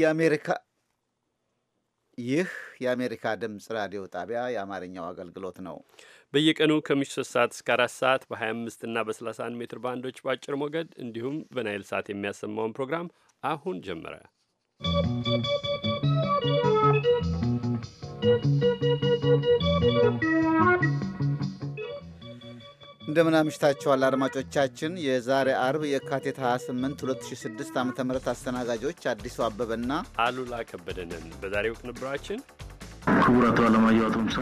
የአሜሪካ ይህ የአሜሪካ ድምፅ ራዲዮ ጣቢያ የአማርኛው አገልግሎት ነው። በየቀኑ ከምሽቱ 3 ሰዓት እስከ 4 ሰዓት በ25 እና በ31 ሜትር ባንዶች በአጭር ሞገድ እንዲሁም በናይል ሰዓት የሚያሰማውን ፕሮግራም አሁን ጀመረ። ¶¶ እንደምን አምሽታችኋል አድማጮቻችን። የዛሬ አርብ የካቲት 28 2006 ዓ ም አስተናጋጆች አዲሱ አበበና አሉላ ከበደንን በዛሬው ቅንብራችን ክቡር አቶ አለማየሁ አቶምሳ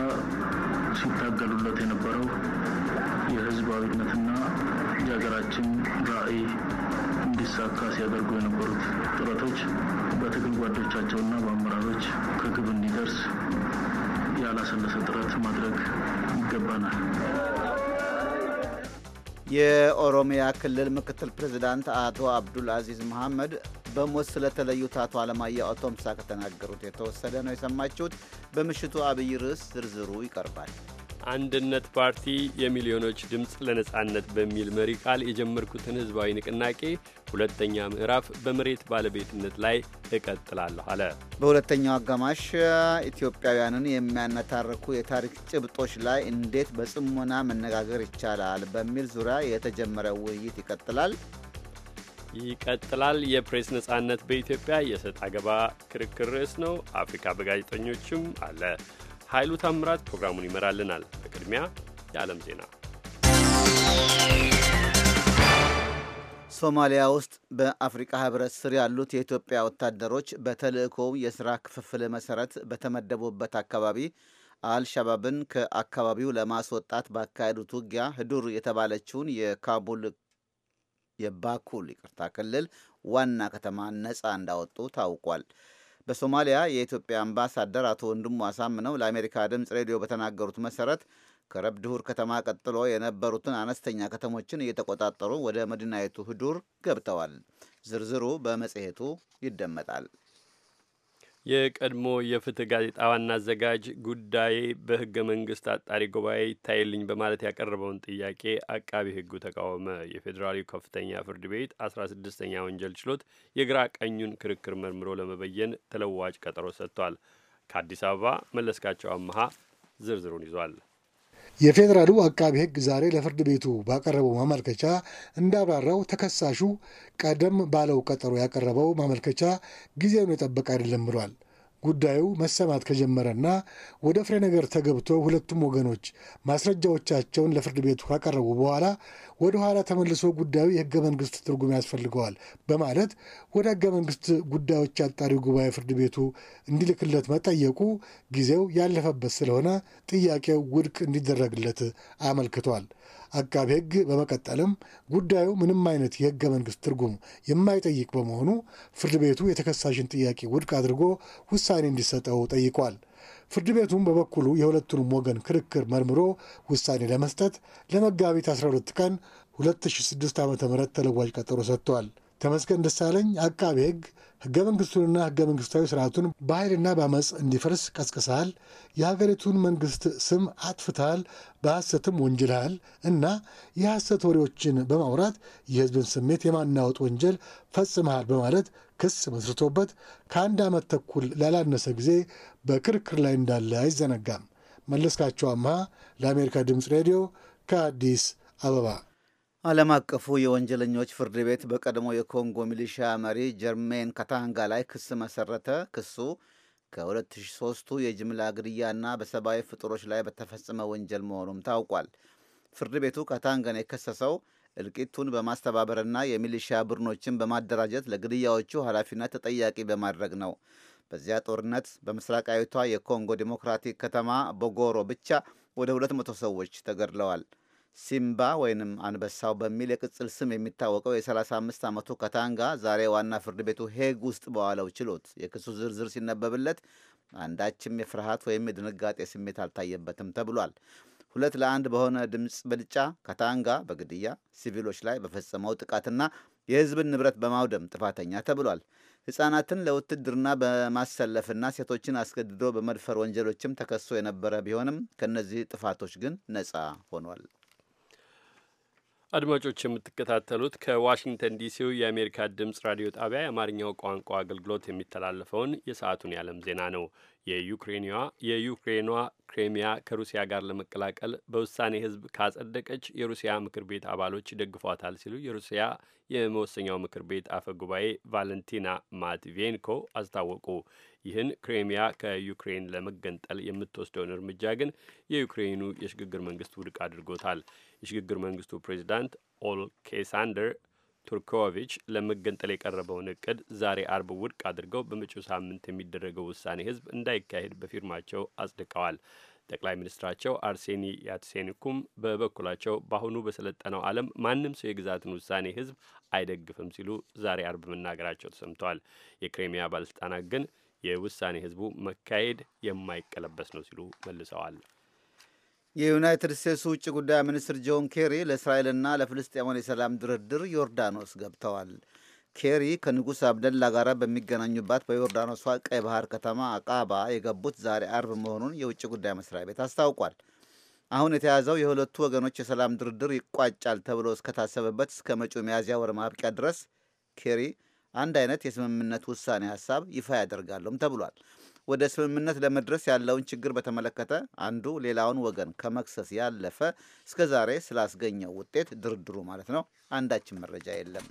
ሲታገሉለት የነበረው የህዝባዊነትና የሀገራችን ራዕይ እንዲሳካ ሲያደርጉ የነበሩት ጥረቶች በትግል ጓዶቻቸውና በአመራሮች ከግብ እንዲደርስ ያላሰለሰ ጥረት ማድረግ ይገባናል። የኦሮሚያ ክልል ምክትል ፕሬዚዳንት አቶ አብዱል አዚዝ መሐመድ በሞት ስለተለዩት አቶ አለማየሁ አቶምሳ ከተናገሩት የተወሰደ ነው የሰማችሁት። በምሽቱ አብይ ርዕስ ዝርዝሩ ይቀርባል። አንድነት ፓርቲ የሚሊዮኖች ድምፅ ለነጻነት በሚል መሪ ቃል የጀመርኩትን ህዝባዊ ንቅናቄ ሁለተኛ ምዕራፍ በመሬት ባለቤትነት ላይ እቀጥላለሁ አለ። በሁለተኛው አጋማሽ ኢትዮጵያውያንን የሚያነታርኩ የታሪክ ጭብጦች ላይ እንዴት በጽሞና መነጋገር ይቻላል በሚል ዙሪያ የተጀመረ ውይይት ይቀጥላል ይቀጥላል። የፕሬስ ነጻነት በኢትዮጵያ የሰጥ አገባ ክርክር ርዕስ ነው። አፍሪካ በጋዜጠኞችም አለ። ኃይሉ ታምራት ፕሮግራሙን ይመራልናል። በቅድሚያ የዓለም ዜና ሶማሊያ ውስጥ በአፍሪቃ ህብረት ስር ያሉት የኢትዮጵያ ወታደሮች በተልእኮው የሥራ ክፍፍል መሠረት በተመደቡበት አካባቢ አልሻባብን ከአካባቢው ለማስወጣት ባካሄዱት ውጊያ ህዱር የተባለችውን የካቡል የባኩል ይቅርታ ክልል ዋና ከተማ ነፃ እንዳወጡ ታውቋል። በሶማሊያ የኢትዮጵያ አምባሳደር አቶ ወንድሙ አሳምነው ለአሜሪካ ድምፅ ሬዲዮ በተናገሩት መሰረት ከረብ ድሁር ከተማ ቀጥሎ የነበሩትን አነስተኛ ከተሞችን እየተቆጣጠሩ ወደ መዲናይቱ ህዱር ገብተዋል። ዝርዝሩ በመጽሔቱ ይደመጣል። የቀድሞ የፍትህ ጋዜጣ ዋና አዘጋጅ ጉዳይ በህገ መንግስት አጣሪ ጉባኤ ይታይልኝ በማለት ያቀረበውን ጥያቄ አቃቢ ህጉ ተቃወመ። የፌዴራሉ ከፍተኛ ፍርድ ቤት አስራ ስድስተኛ ወንጀል ችሎት የግራ ቀኙን ክርክር መርምሮ ለመበየን ተለዋጭ ቀጠሮ ሰጥቷል። ከአዲስ አበባ መለስካቸው አመሃ ዝርዝሩን ይዟል። የፌዴራሉ አቃቢ ሕግ ዛሬ ለፍርድ ቤቱ ባቀረበው ማመልከቻ እንዳብራራው ተከሳሹ ቀደም ባለው ቀጠሮ ያቀረበው ማመልከቻ ጊዜውን የጠበቀ አይደለም ብሏል። ጉዳዩ መሰማት ከጀመረና ወደ ፍሬ ነገር ተገብቶ ሁለቱም ወገኖች ማስረጃዎቻቸውን ለፍርድ ቤቱ ካቀረቡ በኋላ ወደ ኋላ ተመልሶ ጉዳዩ የህገ መንግስት ትርጉም ያስፈልገዋል በማለት ወደ ህገ መንግስት ጉዳዮች አጣሪ ጉባኤ ፍርድ ቤቱ እንዲልክለት መጠየቁ ጊዜው ያለፈበት ስለሆነ ጥያቄው ውድቅ እንዲደረግለት አመልክቷል። አቃቢ ሕግ በመቀጠልም ጉዳዩ ምንም አይነት የህገ መንግስት ትርጉም የማይጠይቅ በመሆኑ ፍርድ ቤቱ የተከሳሽን ጥያቄ ውድቅ አድርጎ ውሳኔ እንዲሰጠው ጠይቋል። ፍርድ ቤቱም በበኩሉ የሁለቱንም ወገን ክርክር መርምሮ ውሳኔ ለመስጠት ለመጋቢት 12 ቀን 2006 ዓ ም ተለዋጭ ቀጠሮ ሰጥቷል። ተመስገን ደሳለኝ አቃቤ ሕግ ህገ መንግስቱንና ህገ መንግስታዊ ስርዓቱን በኃይልና በአመፅ እንዲፈርስ ቀስቅሰሃል፣ የሀገሪቱን መንግስት ስም አጥፍተሃል፣ በሐሰትም ወንጅልሃል እና የሐሰት ወሬዎችን በማውራት የህዝብን ስሜት የማናወጥ ወንጀል ፈጽመሃል በማለት ክስ መስርቶበት ከአንድ ዓመት ተኩል ላላነሰ ጊዜ በክርክር ላይ እንዳለ አይዘነጋም። መለስካቸው አምሃ ለአሜሪካ ድምፅ ሬዲዮ ከአዲስ አበባ ዓለም አቀፉ የወንጀለኞች ፍርድ ቤት በቀድሞ የኮንጎ ሚሊሻ መሪ ጀርሜን ካታንጋ ላይ ክስ መሰረተ። ክሱ ከ2003ቱ የጅምላ ግድያና በሰብአዊ ፍጡሮች ላይ በተፈጸመ ወንጀል መሆኑም ታውቋል። ፍርድ ቤቱ ካታንጋን የከሰሰው እልቂቱን በማስተባበርና የሚሊሻ ቡድኖችን በማደራጀት ለግድያዎቹ ኃላፊነት ተጠያቂ በማድረግ ነው። በዚያ ጦርነት በምስራቃዊቷ የኮንጎ ዲሞክራቲክ ከተማ ቦጎሮ ብቻ ወደ 200 ሰዎች ተገድለዋል። ሲምባ ወይንም አንበሳው በሚል የቅጽል ስም የሚታወቀው የ35 ዓመቱ ከታንጋ ዛሬ ዋና ፍርድ ቤቱ ሄግ ውስጥ በዋለው ችሎት የክሱ ዝርዝር ሲነበብለት አንዳችም የፍርሃት ወይም የድንጋጤ ስሜት አልታየበትም ተብሏል። ሁለት ለአንድ በሆነ ድምፅ ብልጫ ከታንጋ በግድያ ሲቪሎች ላይ በፈጸመው ጥቃትና የሕዝብን ንብረት በማውደም ጥፋተኛ ተብሏል። ሕፃናትን ለውትድርና በማሰለፍና ሴቶችን አስገድዶ በመድፈር ወንጀሎችም ተከሶ የነበረ ቢሆንም ከእነዚህ ጥፋቶች ግን ነፃ ሆኗል። አድማጮች የምትከታተሉት ከዋሽንግተን ዲሲው የአሜሪካ ድምፅ ራዲዮ ጣቢያ የአማርኛው ቋንቋ አገልግሎት የሚተላለፈውን የሰዓቱን የዓለም ዜና ነው። የዩክሬኗ ክሬሚያ ከሩሲያ ጋር ለመቀላቀል በውሳኔ ሕዝብ ካጸደቀች የሩሲያ ምክር ቤት አባሎች ይደግፏታል ሲሉ የሩሲያ የመወሰኛው ምክር ቤት አፈ ጉባኤ ቫለንቲና ማትቬንኮ አስታወቁ። ይህን ክሬሚያ ከዩክሬን ለመገንጠል የምትወስደውን እርምጃ ግን የዩክሬኑ የሽግግር መንግስት ውድቅ አድርጎታል። የሽግግር መንግስቱ ፕሬዚዳንት ኦልኬሳንደር ቱርኮቪች ለመገንጠል የቀረበውን እቅድ ዛሬ አርብ ውድቅ አድርገው በመጪው ሳምንት የሚደረገው ውሳኔ ህዝብ እንዳይካሄድ በፊርማቸው አጽድቀዋል። ጠቅላይ ሚኒስትራቸው አርሴኒ ያትሴኒኩም በበኩላቸው በአሁኑ በሰለጠነው ዓለም ማንም ሰው የግዛትን ውሳኔ ህዝብ አይደግፍም ሲሉ ዛሬ አርብ መናገራቸው ተሰምተዋል። የክሬሚያ ባለስልጣናት ግን የውሳኔ ህዝቡ መካሄድ የማይቀለበስ ነው ሲሉ መልሰዋል። የዩናይትድ ስቴትስ ውጭ ጉዳይ ሚኒስትር ጆን ኬሪ ለእስራኤልና ለፍልስጤማን የሰላም ድርድር ዮርዳኖስ ገብተዋል። ኬሪ ከንጉሥ አብደላ ጋር በሚገናኙባት በዮርዳኖሷ ቀይ ባህር ከተማ አቃባ የገቡት ዛሬ አርብ መሆኑን የውጭ ጉዳይ መስሪያ ቤት አስታውቋል። አሁን የተያዘው የሁለቱ ወገኖች የሰላም ድርድር ይቋጫል ተብሎ እስከታሰበበት እስከ መጪው ሚያዝያ ወር ማብቂያ ድረስ ኬሪ አንድ አይነት የስምምነት ውሳኔ ሀሳብ ይፋ ያደርጋሉም ተብሏል። ወደ ስምምነት ለመድረስ ያለውን ችግር በተመለከተ አንዱ ሌላውን ወገን ከመክሰስ ያለፈ እስከ ዛሬ ስላስገኘው ውጤት ድርድሩ ማለት ነው አንዳችን መረጃ የለም።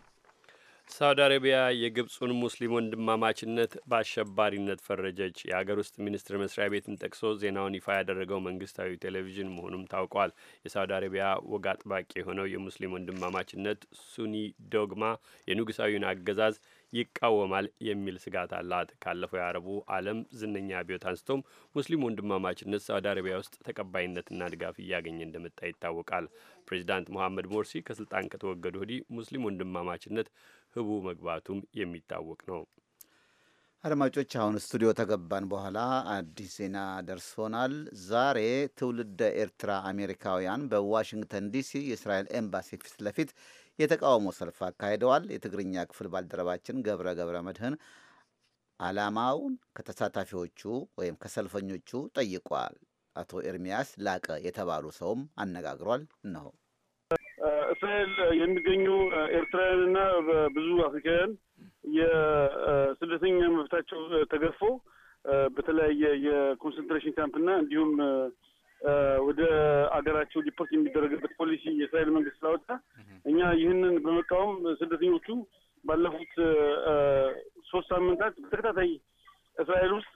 ሳውዲ አረቢያ የግብፁን ሙስሊም ወንድማማችነት በአሸባሪነት ፈረጀች። የሀገር ውስጥ ሚኒስቴር መስሪያ ቤትን ጠቅሶ ዜናውን ይፋ ያደረገው መንግስታዊ ቴሌቪዥን መሆኑም ታውቋል። የሳውዲ አረቢያ ወግ አጥባቂ የሆነው የሙስሊም ወንድማማችነት ሱኒ ዶግማ የንጉሳዊውን አገዛዝ ይቃወማል የሚል ስጋት አላት። ካለፈው የአረቡ ዓለም ዝነኛ አብዮት አንስቶም ሙስሊም ወንድማማችነት ሳውዲ አረቢያ ውስጥ ተቀባይነትና ድጋፍ እያገኘ እንደመጣ ይታወቃል። ፕሬዚዳንት መሐመድ ሞርሲ ከስልጣን ከተወገዱ ወዲህ ሙስሊም ወንድማማችነት ህቡ መግባቱም የሚታወቅ ነው። አድማጮች አሁን ስቱዲዮ ተገባን በኋላ አዲስ ዜና ደርሶናል። ዛሬ ትውልደ ኤርትራ አሜሪካውያን በዋሽንግተን ዲሲ የእስራኤል ኤምባሲ ፊት ለፊት የተቃውሞ ሰልፍ አካሂደዋል። የትግርኛ ክፍል ባልደረባችን ገብረ ገብረ መድህን ዓላማውን ከተሳታፊዎቹ ወይም ከሰልፈኞቹ ጠይቋል። አቶ ኤርሚያስ ላቀ የተባሉ ሰውም አነጋግሯል። እነሆ እስራኤል የሚገኙ ኤርትራውያንና ብዙ አፍሪካውያን የስደተኛ መብታቸው ተገፎ በተለያየ የኮንሰንትሬሽን ካምፕና እንዲሁም ወደ አገራቸው ዲፖርት የሚደረግበት ፖሊሲ የእስራኤል መንግስት ስላወጣ እኛ ይህንን በመቃወም ስደተኞቹ ባለፉት ሶስት ሳምንታት በተከታታይ እስራኤል ውስጥ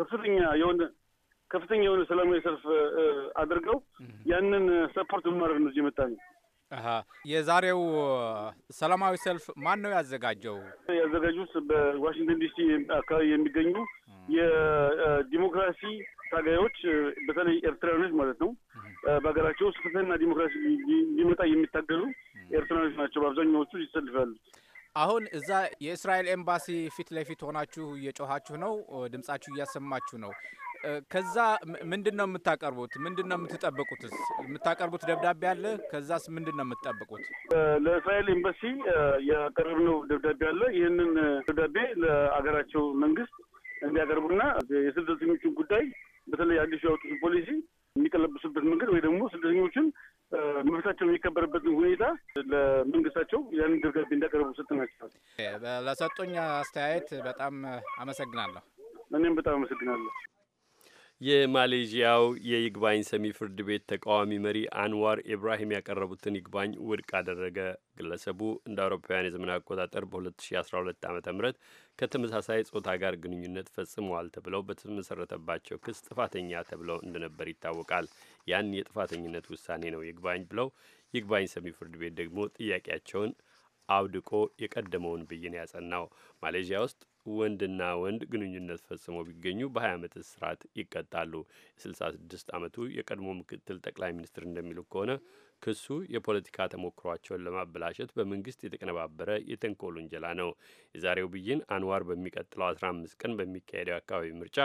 ከፍተኛ የሆነ ከፍተኛ የሆነ ሰላማዊ ሰልፍ አድርገው ያንን ሰፖርት በማድረግ ነው እዚህ የመጣ ነው። የዛሬው ሰላማዊ ሰልፍ ማን ነው ያዘጋጀው? ያዘጋጁት በዋሽንግተን ዲሲ አካባቢ የሚገኙ የዲሞክራሲ ታጋዮች በተለይ ኤርትራውያኖች ማለት ነው በሀገራቸው ውስጥ ፍትህና ዲሞክራሲ ሊመጣ የሚታገሉ ኤርትራውያኖች ናቸው በአብዛኛዎቹ ይሰልፋሉ አሁን እዛ የእስራኤል ኤምባሲ ፊት ለፊት ሆናችሁ እየጮኋችሁ ነው፣ ድምጻችሁ እያሰማችሁ ነው። ከዛ ምንድን ነው የምታቀርቡት? ምንድን ነው የምትጠብቁትስ? የምታቀርቡት ደብዳቤ አለ? ከዛስ ምንድን ነው የምትጠብቁት? ለእስራኤል ኤምባሲ ያቀረብነው ደብዳቤ አለ። ይህንን ደብዳቤ ለአገራቸው መንግስት እንዲያቀርቡና የስደተኞችን ጉዳይ በተለይ አዲሱ ያወጡትን ፖሊሲ የሚቀለብሱበት መንገድ ወይ ደግሞ ስደተኞችን መብታቸው የሚከበርበትን ሁኔታ ለመንግስታቸው ያንን ድርጋቤ እንዳቀረቡ ሰጥናቸዋል። ለሰጡኝ አስተያየት በጣም አመሰግናለሁ። እኔም በጣም አመሰግናለሁ። የማሌዥያው የይግባኝ ሰሚ ፍርድ ቤት ተቃዋሚ መሪ አንዋር ኢብራሂም ያቀረቡትን ይግባኝ ውድቅ አደረገ። ግለሰቡ እንደ አውሮፓውያን የዘመን አቆጣጠር በ2012 ዓ ም ከተመሳሳይ ጾታ ጋር ግንኙነት ፈጽመዋል ተብለው በተመሰረተባቸው ክስ ጥፋተኛ ተብለው እንደነበር ይታወቃል። ያን የጥፋተኝነት ውሳኔ ነው ይግባኝ ብለው፣ ይግባኝ ሰሚ ፍርድ ቤት ደግሞ ጥያቄያቸውን አውድቆ የቀደመውን ብይን ያጸናው ማሌዥያ ውስጥ ወንድና ወንድ ግንኙነት ፈጽሞ ቢገኙ በ20 ዓመት እስራት ይቀጣሉ። የ66 ዓመቱ የቀድሞ ምክትል ጠቅላይ ሚኒስትር እንደሚሉ ከሆነ ክሱ የፖለቲካ ተሞክሯቸውን ለማበላሸት በመንግስት የተቀነባበረ የተንኮል ውንጀላ ነው። የዛሬው ብይን አንዋር በሚቀጥለው 15 ቀን በሚካሄደው አካባቢ ምርጫ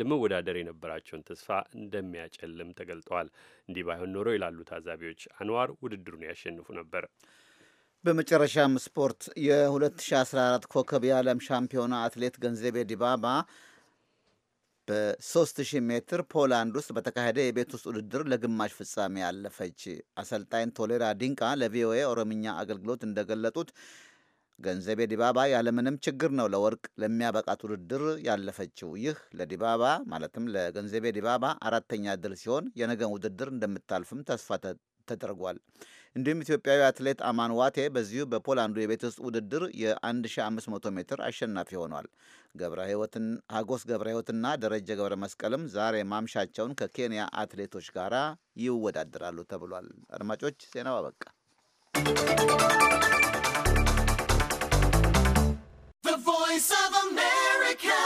ለመወዳደር የነበራቸውን ተስፋ እንደሚያጨልም ተገልጠዋል እንዲህ ባይሆን ኖሮ ይላሉ ታዛቢዎች፣ አንዋር ውድድሩን ያሸንፉ ነበር። በመጨረሻም ስፖርት የ2014 ኮከብ የዓለም ሻምፒዮና አትሌት ገንዘቤ ዲባባ በ3000 ሜትር ፖላንድ ውስጥ በተካሄደ የቤት ውስጥ ውድድር ለግማሽ ፍጻሜ ያለፈች አሰልጣኝ ቶሌራ ዲንቃ ለቪኦኤ ኦሮምኛ አገልግሎት እንደገለጡት ገንዘቤ ዲባባ ያለምንም ችግር ነው ለወርቅ ለሚያበቃት ውድድር ያለፈችው። ይህ ለዲባባ ማለትም ለገንዘቤ ዲባባ አራተኛ ድል ሲሆን የነገን ውድድር እንደምታልፍም ተስፋ ተደርጓል። እንዲሁም ኢትዮጵያዊ አትሌት አማን ዋቴ በዚሁ በፖላንዱ የቤት ውስጥ ውድድር የ1500 ሜትር አሸናፊ ሆኗል። ሀጎስ ገብረ ሕይወትና ደረጀ ገብረ መስቀልም ዛሬ ማምሻቸውን ከኬንያ አትሌቶች ጋር ይወዳደራሉ ተብሏል። አድማጮች ዜናው አበቃ። The voice of America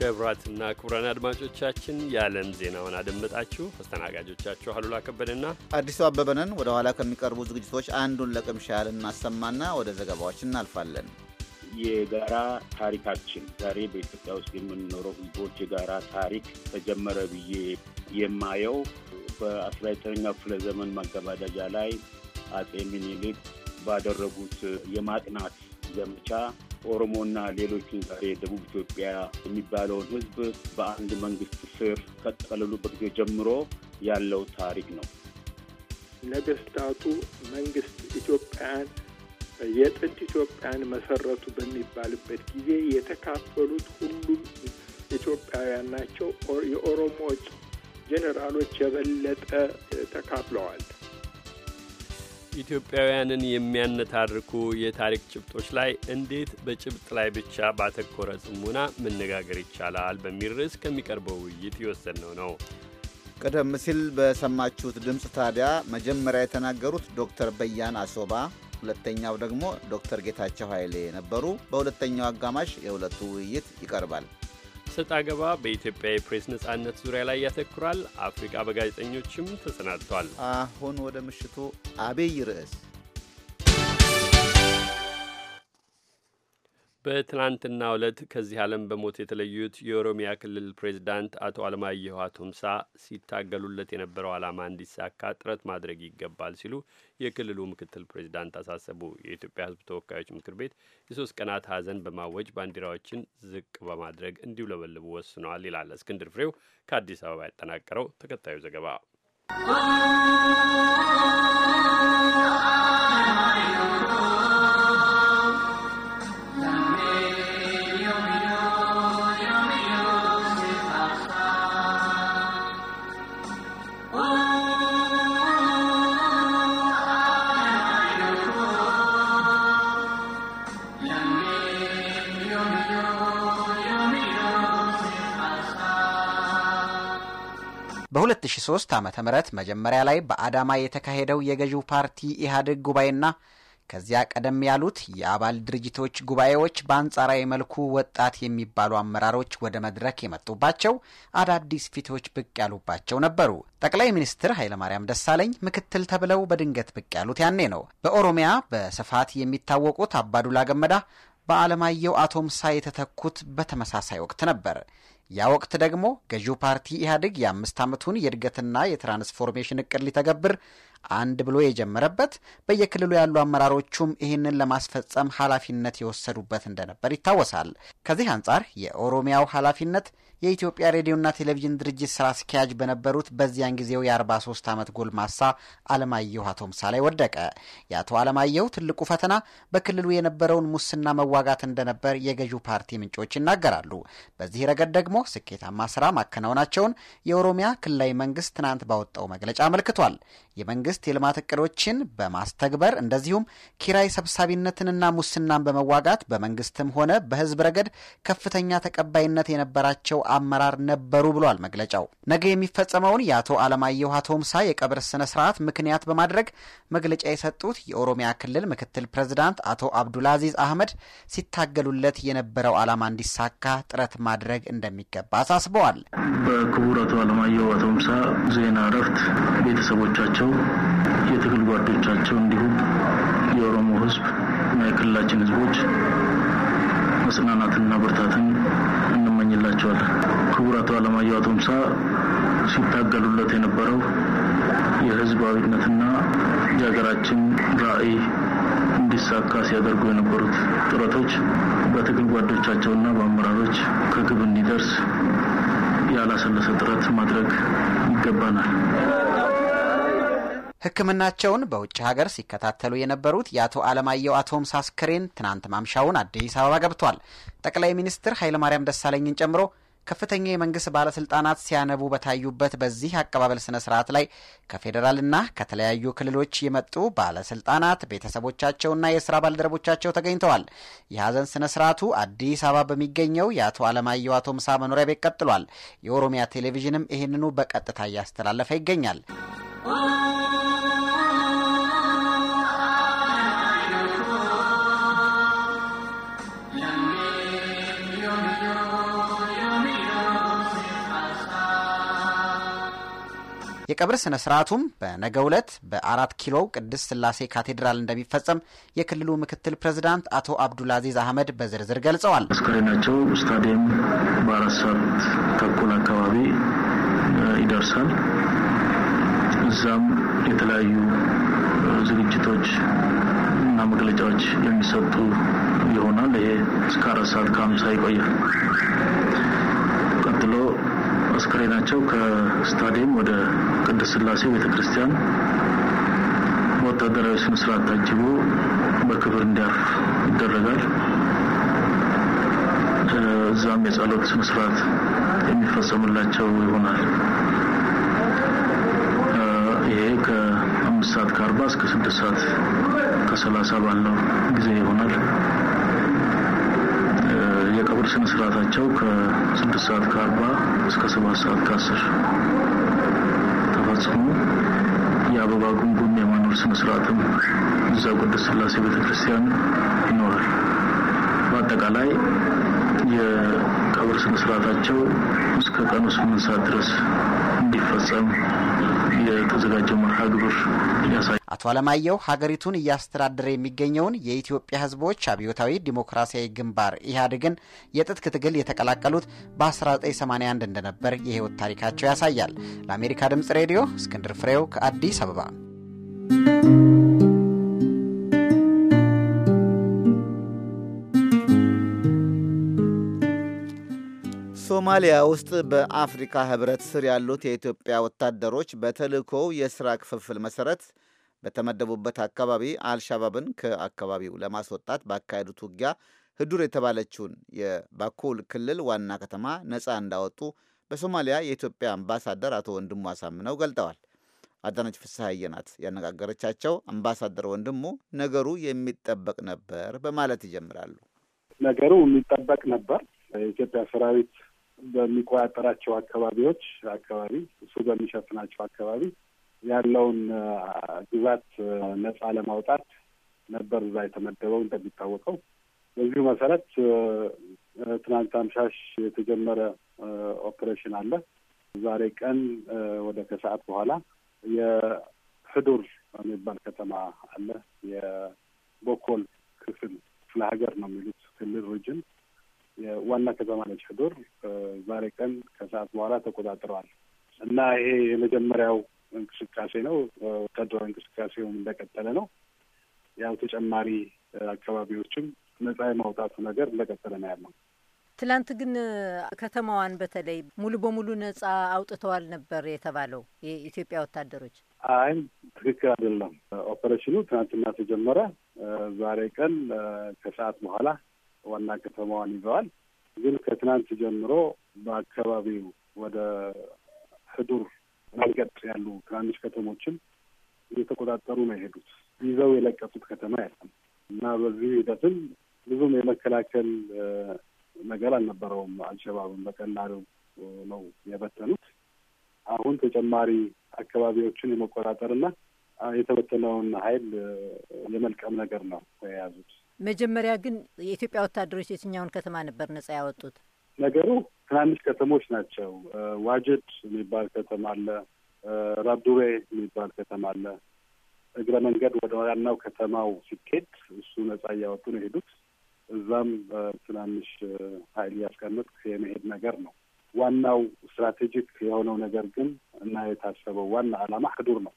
ክቡራትና ክቡራን አድማጮቻችን የዓለም ዜናውን አደመጣችሁ። አስተናጋጆቻችሁ አሉላ ከበደና አዲሱ አበበነን። ወደ ኋላ ከሚቀርቡ ዝግጅቶች አንዱን ለቅምሻ ያህል እናሰማና ወደ ዘገባዎች እናልፋለን። የጋራ ታሪካችን ዛሬ በኢትዮጵያ ውስጥ የምንኖረው ህዝቦች የጋራ ታሪክ ተጀመረ ብዬ የማየው በአስራ ዘጠነኛው ክፍለ ዘመን ማገባደጃ ላይ አጼ ምኒልክ ባደረጉት የማጥናት ዘመቻ ኦሮሞና ሌሎችን ዛሬ ደቡብ ኢትዮጵያ የሚባለውን ህዝብ በአንድ መንግስት ስር ከጠቀለሉበት ጊዜ ጀምሮ ያለው ታሪክ ነው። ነገስታቱ መንግስት ኢትዮጵያን የጥንት ኢትዮጵያን መሰረቱ በሚባልበት ጊዜ የተካፈሉት ሁሉም ኢትዮጵያውያን ናቸው። የኦሮሞዎች ጄኔራሎች የበለጠ ተካፍለዋል። ኢትዮጵያውያንን የሚያነታርኩ የታሪክ ጭብጦች ላይ እንዴት በጭብጥ ላይ ብቻ ባተኮረ ጽሙና መነጋገር ይቻላል በሚል ርዕስ ከሚቀርበው ውይይት የወሰድነው ነው። ቀደም ሲል በሰማችሁት ድምፅ ታዲያ መጀመሪያ የተናገሩት ዶክተር በያን አሶባ፣ ሁለተኛው ደግሞ ዶክተር ጌታቸው ኃይሌ ነበሩ። በሁለተኛው አጋማሽ የሁለቱ ውይይት ይቀርባል። የሚሰጥ አገባ በኢትዮጵያ የፕሬስ ነጻነት ዙሪያ ላይ ያተኩራል። አፍሪቃ በጋዜጠኞችም ተሰናድቷል። አሁን ወደ ምሽቱ አብይ ርዕስ በትናንትና ዕለት ከዚህ ዓለም በሞት የተለዩት የኦሮሚያ ክልል ፕሬዚዳንት አቶ አለማየሁ አቶምሳ ሲታገሉለት የነበረው ዓላማ እንዲሳካ ጥረት ማድረግ ይገባል ሲሉ የክልሉ ምክትል ፕሬዚዳንት አሳሰቡ። የኢትዮጵያ ሕዝብ ተወካዮች ምክር ቤት የሶስት ቀናት ሀዘን በማወጅ ባንዲራዎችን ዝቅ በማድረግ እንዲውለበልቡ ወስነዋል ይላል እስክንድር ፍሬው ከአዲስ አበባ ያጠናቀረው ተከታዩ ዘገባ። 2003 ዓ ም መጀመሪያ ላይ በአዳማ የተካሄደው የገዢው ፓርቲ ኢህአዴግ ጉባኤና ከዚያ ቀደም ያሉት የአባል ድርጅቶች ጉባኤዎች በአንጻራዊ መልኩ ወጣት የሚባሉ አመራሮች ወደ መድረክ የመጡባቸው አዳዲስ ፊቶች ብቅ ያሉባቸው ነበሩ። ጠቅላይ ሚኒስትር ኃይለማርያም ደሳለኝ ምክትል ተብለው በድንገት ብቅ ያሉት ያኔ ነው። በኦሮሚያ በስፋት የሚታወቁት አባዱላ ገመዳ በአለማየሁ አቶምሳ የተተኩት በተመሳሳይ ወቅት ነበር። ያ ወቅት ደግሞ ገዢው ፓርቲ ኢህአዴግ የአምስት ዓመቱን የእድገትና የትራንስፎርሜሽን እቅድ ሊተገብር አንድ ብሎ የጀመረበት በየክልሉ ያሉ አመራሮቹም ይህንን ለማስፈጸም ኃላፊነት የወሰዱበት እንደነበር ይታወሳል። ከዚህ አንጻር የኦሮሚያው ኃላፊነት የኢትዮጵያ ሬዲዮና ቴሌቪዥን ድርጅት ስራ አስኪያጅ በነበሩት በዚያን ጊዜው የ43 ዓመት ጎልማሳ አለማየሁ አቶምሳ ላይ ወደቀ። የአቶ አለማየሁ ትልቁ ፈተና በክልሉ የነበረውን ሙስና መዋጋት እንደነበር የገዢው ፓርቲ ምንጮች ይናገራሉ። በዚህ ረገድ ደግሞ ስኬታማ ስራ ማከናወናቸውን የኦሮሚያ ክልላዊ መንግስት ትናንት ባወጣው መግለጫ አመልክቷል። የመንግስት የልማት እቅዶችን በማስተግበር እንደዚሁም ኪራይ ሰብሳቢነትንና ሙስናን በመዋጋት በመንግስትም ሆነ በህዝብ ረገድ ከፍተኛ ተቀባይነት የነበራቸው አመራር ነበሩ ብሏል መግለጫው። ነገ የሚፈጸመውን የአቶ አለማየሁ ምሳ የቀብር ስነ ስርዓት ምክንያት በማድረግ መግለጫ የሰጡት የኦሮሚያ ክልል ምክትል ፕሬዚዳንት አቶ አብዱልአዚዝ አህመድ ሲታገሉለት የነበረው ዓላማ እንዲሳካ ጥረት ማድረግ እንደሚገባ አሳስበዋል። በክቡር አቶ አለማየሁ ምሳ ዜና እረፍት ቤተሰቦቻቸው የትግል ጓዶቻቸው እንዲሁም የኦሮሞ ህዝብ እና የክልላችን ህዝቦች መጽናናትና ብርታትን እንመኝላቸዋለን። ክቡር አቶ አለማየሁ አቶምሳ ሲታገሉለት የነበረው የህዝባዊነትና የሀገራችን ራዕይ እንዲሳካ ሲያደርጉ የነበሩት ጥረቶች በትግል ጓዶቻቸውና በአመራሮች ከግብ እንዲደርስ ያላሰለሰ ጥረት ማድረግ ይገባናል። ሕክምናቸውን በውጭ ሀገር ሲከታተሉ የነበሩት የአቶ አለማየሁ አቶምስ አስክሬን ትናንት ማምሻውን አዲስ አበባ ገብቷል። ጠቅላይ ሚኒስትር ኃይለማርያም ደሳለኝን ጨምሮ ከፍተኛ የመንግስት ባለስልጣናት ሲያነቡ በታዩበት በዚህ አቀባበል ስነ ስርዓት ላይ ከፌዴራልና ከተለያዩ ክልሎች የመጡ ባለስልጣናት ቤተሰቦቻቸውና የስራ ባልደረቦቻቸው ተገኝተዋል። የሀዘን ስነ ስርዓቱ አዲስ አበባ በሚገኘው የአቶ አለማየሁ አቶምሳ መኖሪያ ቤት ቀጥሏል። የኦሮሚያ ቴሌቪዥንም ይህንኑ በቀጥታ እያስተላለፈ ይገኛል። የቀብር ስነ ስርዓቱም በነገ ዕለት በአራት ኪሎው ቅድስት ስላሴ ካቴድራል እንደሚፈጸም የክልሉ ምክትል ፕሬዚዳንት አቶ አብዱልአዚዝ አህመድ በዝርዝር ገልጸዋል። አስከሬናቸው ስታዲየም በአራት ሰዓት ተኩል አካባቢ ይደርሳል። እዛም የተለያዩ ዝግጅቶች እና መግለጫዎች የሚሰጡ ይሆናል። ይሄ እስከ አራት ሰዓት ከአምሳ ይቆያል። ቀጥሎ አስክሬናቸው ከስታዲየም ወደ ቅድስት ስላሴ ቤተክርስቲያን ወታደራዊ ስነስርዓት ታጅቦ በክብር እንዲያርፍ ይደረጋል። እዛም የጸሎት ስነስርዓት የሚፈጸምላቸው ይሆናል። ይሄ ከአምስት ሰዓት ከአርባ እስከ ስድስት ሰዓት ከሰላሳ ባለው ጊዜ ይሆናል። የቀብር ስነስርዓታቸው ከስድስት ሰዓት ከአርባ እስከ ሰባት ሰዓት ከአስር ተፈጽሞ የአበባ ጉንጉን የማኖር ስነስርዓትም እዛ ቅዱስ ስላሴ ቤተክርስቲያን ይኖራል። በአጠቃላይ የቀብር ስነስርዓታቸው እስከ ቀኑ ስምንት ሰዓት ድረስ እንዲፈጸም የተዘጋጀ መርሃ ግብር ያሳያል። አቶ አለማየሁ ሀገሪቱን እያስተዳደረ የሚገኘውን የኢትዮጵያ ሕዝቦች አብዮታዊ ዲሞክራሲያዊ ግንባር ኢህአዴግን የትጥቅ ትግል የተቀላቀሉት በ1981 እንደነበር የህይወት ታሪካቸው ያሳያል። ለአሜሪካ ድምጽ ሬዲዮ እስክንድር ፍሬው ከአዲስ አበባ ሶማሊያ ውስጥ በአፍሪካ ህብረት ስር ያሉት የኢትዮጵያ ወታደሮች በተልእኮው የሥራ ክፍፍል መሠረት በተመደቡበት አካባቢ አልሻባብን ከአካባቢው ለማስወጣት ባካሄዱት ውጊያ ህዱር የተባለችውን የባኩል ክልል ዋና ከተማ ነፃ እንዳወጡ በሶማሊያ የኢትዮጵያ አምባሳደር አቶ ወንድሙ አሳምነው ገልጠዋል። አዳነች ፍስሐዬ ናት ያነጋገረቻቸው። አምባሳደር ወንድሙ ነገሩ የሚጠበቅ ነበር በማለት ይጀምራሉ። ነገሩ የሚጠበቅ ነበር። የኢትዮጵያ ሰራዊት በሚቆጣጠራቸው አካባቢዎች አካባቢ እሱ በሚሸፍናቸው አካባቢ ያለውን ግዛት ነጻ ለማውጣት ነበር እዛ የተመደበው እንደሚታወቀው። በዚሁ መሰረት ትናንት አምሻሽ የተጀመረ ኦፕሬሽን አለ። ዛሬ ቀን ወደ ከሰዓት በኋላ የህዱር የሚባል ከተማ አለ። የቦኮል ክፍል ክፍለ ሀገር ነው የሚሉት ክልል ሪጅን ዋና ከተማ ነች ዶር ዛሬ ቀን ከሰዓት በኋላ ተቆጣጥረዋል እና ይሄ የመጀመሪያው እንቅስቃሴ ነው። ወታደራዊ እንቅስቃሴውም እንደቀጠለ ነው። ያው ተጨማሪ አካባቢዎችም ነጻ የማውጣቱ ነገር እንደቀጠለ ነው ያለው። ትላንት ግን ከተማዋን በተለይ ሙሉ በሙሉ ነጻ አውጥተዋል ነበር የተባለው የኢትዮጵያ ወታደሮች። አይም ትክክል አይደለም። ኦፐሬሽኑ ትናንትና ተጀመረ። ዛሬ ቀን ከሰዓት በኋላ ዋና ከተማዋን ይዘዋል። ግን ከትናንት ጀምሮ በአካባቢው ወደ ህዱር መንገድ ያሉ ትናንሽ ከተሞችን እየተቆጣጠሩ ነው የሄዱት። ይዘው የለቀጡት ከተማ የለም እና በዚህ ሂደትም ብዙም የመከላከል ነገር አልነበረውም። አልሸባብን በቀላሉ ነው የበተኑት። አሁን ተጨማሪ አካባቢዎችን የመቆጣጠርና የተበተነውን ኃይል የመልቀም ነገር ነው የያዙት። መጀመሪያ ግን የኢትዮጵያ ወታደሮች የትኛውን ከተማ ነበር ነጻ ያወጡት? ነገሩ ትናንሽ ከተሞች ናቸው። ዋጀድ የሚባል ከተማ አለ፣ ራብዱሬ የሚባል ከተማ አለ። እግረ መንገድ ወደ ዋናው ከተማው ሲኬድ እሱ ነጻ እያወጡ ነው የሄዱት። እዛም ትናንሽ ኃይል ያስቀምጥ የመሄድ ነገር ነው። ዋናው ስትራቴጂክ የሆነው ነገር ግን እና የታሰበው ዋና ዓላማ ህዱር ነው።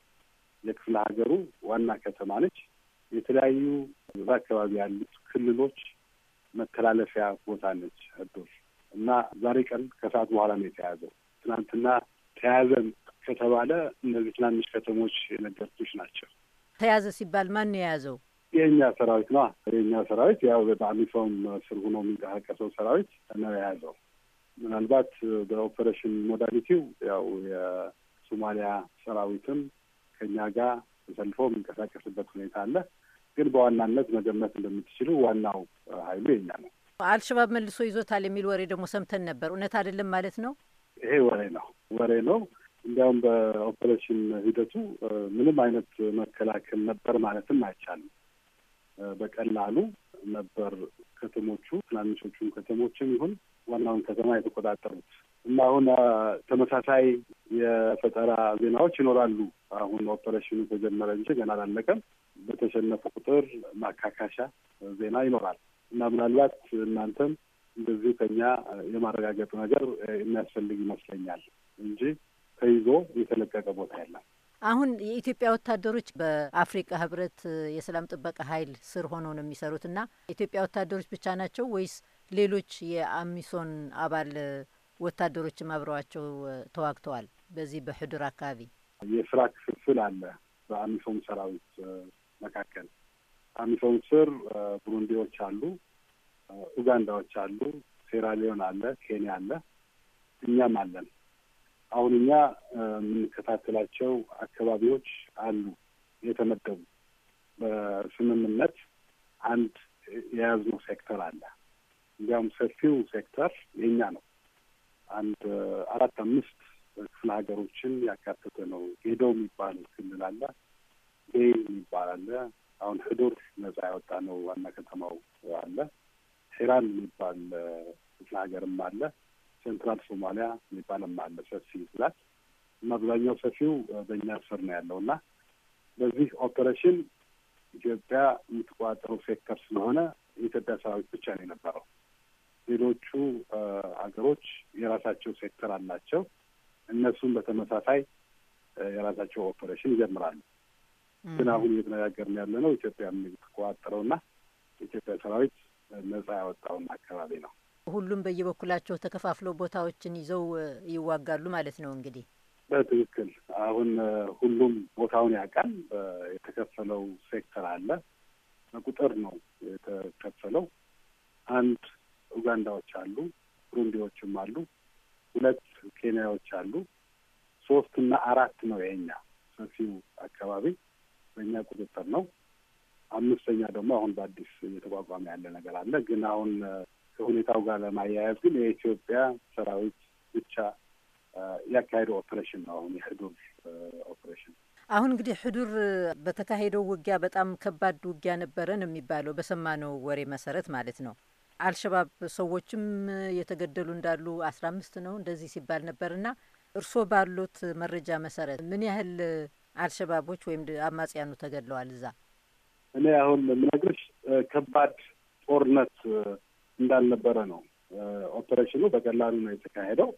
የክፍለ ሀገሩ ዋና ከተማ ነች። የተለያዩ እዛ አካባቢ ያሉት ክልሎች መተላለፊያ ቦታ ነች ዶር እና ዛሬ ቀን ከሰዓት በኋላ ነው የተያዘው። ትናንትና ተያዘን ከተባለ እነዚህ ትናንሽ ከተሞች የነገርቶች ናቸው። ተያዘ ሲባል ማን ነው የያዘው? የእኛ ሰራዊት ነው። የእኛ ሰራዊት ያው በአሚሶም ስር ሆኖ የሚንቀሳቀሰው ሰራዊት ነው የያዘው። ምናልባት በኦፐሬሽን ሞዳሊቲው ያው የሶማሊያ ሰራዊትም ከእኛ ጋር ተሰልፎ የሚንቀሳቀስበት ሁኔታ አለ። ግን በዋናነት መገመት እንደምትችሉ ዋናው ኃይሉ የኛ ነው። አልሸባብ መልሶ ይዞታል የሚል ወሬ ደግሞ ሰምተን ነበር። እውነት አይደለም ማለት ነው? ይሄ ወሬ ነው፣ ወሬ ነው። እንዲያውም በኦፐሬሽን ሂደቱ ምንም አይነት መከላከል ነበር ማለትም አይቻልም። በቀላሉ ነበር ከተሞቹ ትናንሾቹን ከተሞችም ይሁን ዋናውን ከተማ የተቆጣጠሩት። እና አሁን ተመሳሳይ የፈጠራ ዜናዎች ይኖራሉ። አሁን ኦፐሬሽኑ ተጀመረ እንጂ ገና አላለቀም። በተሸነፉ ቁጥር ማካካሻ ዜና ይኖራል እና ምናልባት እናንተም እንደዚህ ከኛ የማረጋገጡ ነገር የሚያስፈልግ ይመስለኛል እንጂ ተይዞ የተለቀቀ ቦታ የለም። አሁን የኢትዮጵያ ወታደሮች በአፍሪቃ ህብረት የሰላም ጥበቃ ኃይል ስር ሆነው ነው የሚሰሩት እና የኢትዮጵያ ወታደሮች ብቻ ናቸው ወይስ ሌሎች የአሚሶን አባል ወታደሮችም አብረዋቸው ተዋግተዋል። በዚህ በሕዱር አካባቢ የስራ ክፍፍል አለ በአሚሶም ሰራዊት መካከል። አሚሶም ስር ቡሩንዲዎች አሉ፣ ኡጋንዳዎች አሉ፣ ሴራሊዮን አለ፣ ኬንያ አለ፣ እኛም አለን። አሁን እኛ የምንከታተላቸው አካባቢዎች አሉ የተመደቡ በስምምነት አንድ የያዝነው ሴክተር አለ። እንዲያውም ሰፊው ሴክተር የእኛ ነው። አንድ አራት አምስት ክፍለ ሀገሮችን ያካተተ ነው። ጌዶ የሚባል ክልል አለ። ቤይ የሚባል አለ። አሁን ህዱር ነጻ ያወጣ ነው ዋና ከተማው አለ። ሂራን የሚባል ክፍለ ሀገርም አለ። ሴንትራል ሶማሊያ የሚባልም አለ። ሰፊ ግዛት እና አብዛኛው ሰፊው በእኛ ስር ነው ያለው እና በዚህ ኦፐሬሽን ኢትዮጵያ የምትቆጣጠረው ሴክተር ስለሆነ የኢትዮጵያ ሰራዊት ብቻ ነው የነበረው። ሌሎቹ ሀገሮች የራሳቸው ሴክተር አላቸው። እነሱም በተመሳሳይ የራሳቸው ኦፐሬሽን ይጀምራሉ። ግን አሁን እየተነጋገርን ያለ ነው ኢትዮጵያ የምትቆጣጠረውና የኢትዮጵያ ሰራዊት ነጻ ያወጣውን አካባቢ ነው። ሁሉም በየበኩላቸው ተከፋፍለው ቦታዎችን ይዘው ይዋጋሉ ማለት ነው። እንግዲህ በትክክል አሁን ሁሉም ቦታውን ያውቃል። የተከፈለው ሴክተር አለ። በቁጥር ነው የተከፈለው። አንድ ኡጋንዳዎች አሉ፣ ቡሩንዲዎችም አሉ፣ ሁለት ኬንያዎች አሉ። ሶስት እና አራት ነው የኛ ሰፊው አካባቢ በእኛ ቁጥጥር ነው። አምስተኛ ደግሞ አሁን በአዲስ እየተቋቋመ ያለ ነገር አለ። ግን አሁን ከሁኔታው ጋር ለማያያዝ ግን የኢትዮጵያ ሰራዊት ብቻ ያካሄደው ኦፕሬሽን ነው አሁን የህዱር ኦፕሬሽን። አሁን እንግዲህ ህዱር በተካሄደው ውጊያ በጣም ከባድ ውጊያ ነበረ ነው የሚባለው በሰማነው ወሬ መሰረት ማለት ነው። አልሸባብ ሰዎችም የተገደሉ እንዳሉ አስራ አምስት ነው እንደዚህ ሲባል ነበርና እርስዎ ባሉት መረጃ መሰረት ምን ያህል አልሸባቦች ወይም አማጽያኑ ተገድለዋል? እዛ እኔ አሁን የምነግርሽ ከባድ ጦርነት እንዳልነበረ ነው። ኦፐሬሽኑ በቀላሉ ነው የተካሄደው።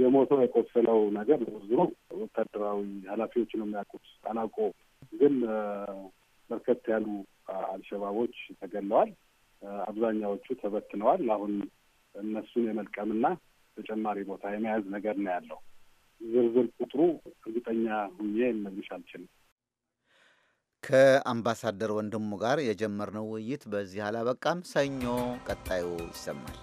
የሞተው የቆሰለው ነገር ብዙ ወታደራዊ ኃላፊዎች ነው የሚያውቁት። አላውቀውም ግን በርከት ያሉ አልሸባቦች ተገድለዋል። አብዛኛዎቹ ተበትነዋል። አሁን እነሱን የመልቀምና ተጨማሪ ቦታ የመያዝ ነገር ነው ያለው። ዝርዝር ቁጥሩ እርግጠኛ ሁኜ እነግርሽ አልችልም። ከአምባሳደር ወንድሙ ጋር የጀመርነው ውይይት በዚህ አላበቃም። ሰኞ ቀጣዩ ይሰማል።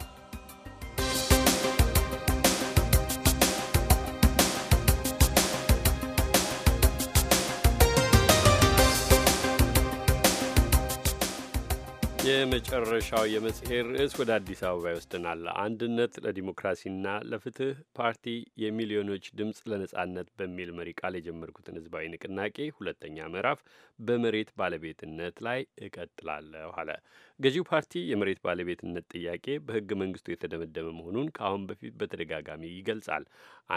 የመጨረሻው የመጽሔት ርዕስ ወደ አዲስ አበባ ይወስደናል። አንድነት ለዲሞክራሲና ለፍትህ ፓርቲ የሚሊዮኖች ድምፅ ለነጻነት በሚል መሪ ቃል የጀመርኩትን ህዝባዊ ንቅናቄ ሁለተኛ ምዕራፍ በመሬት ባለቤትነት ላይ እቀጥላለሁ አለ። ገዢው ፓርቲ የመሬት ባለቤትነት ጥያቄ በህገ መንግስቱ የተደመደመ መሆኑን ከአሁን በፊት በተደጋጋሚ ይገልጻል።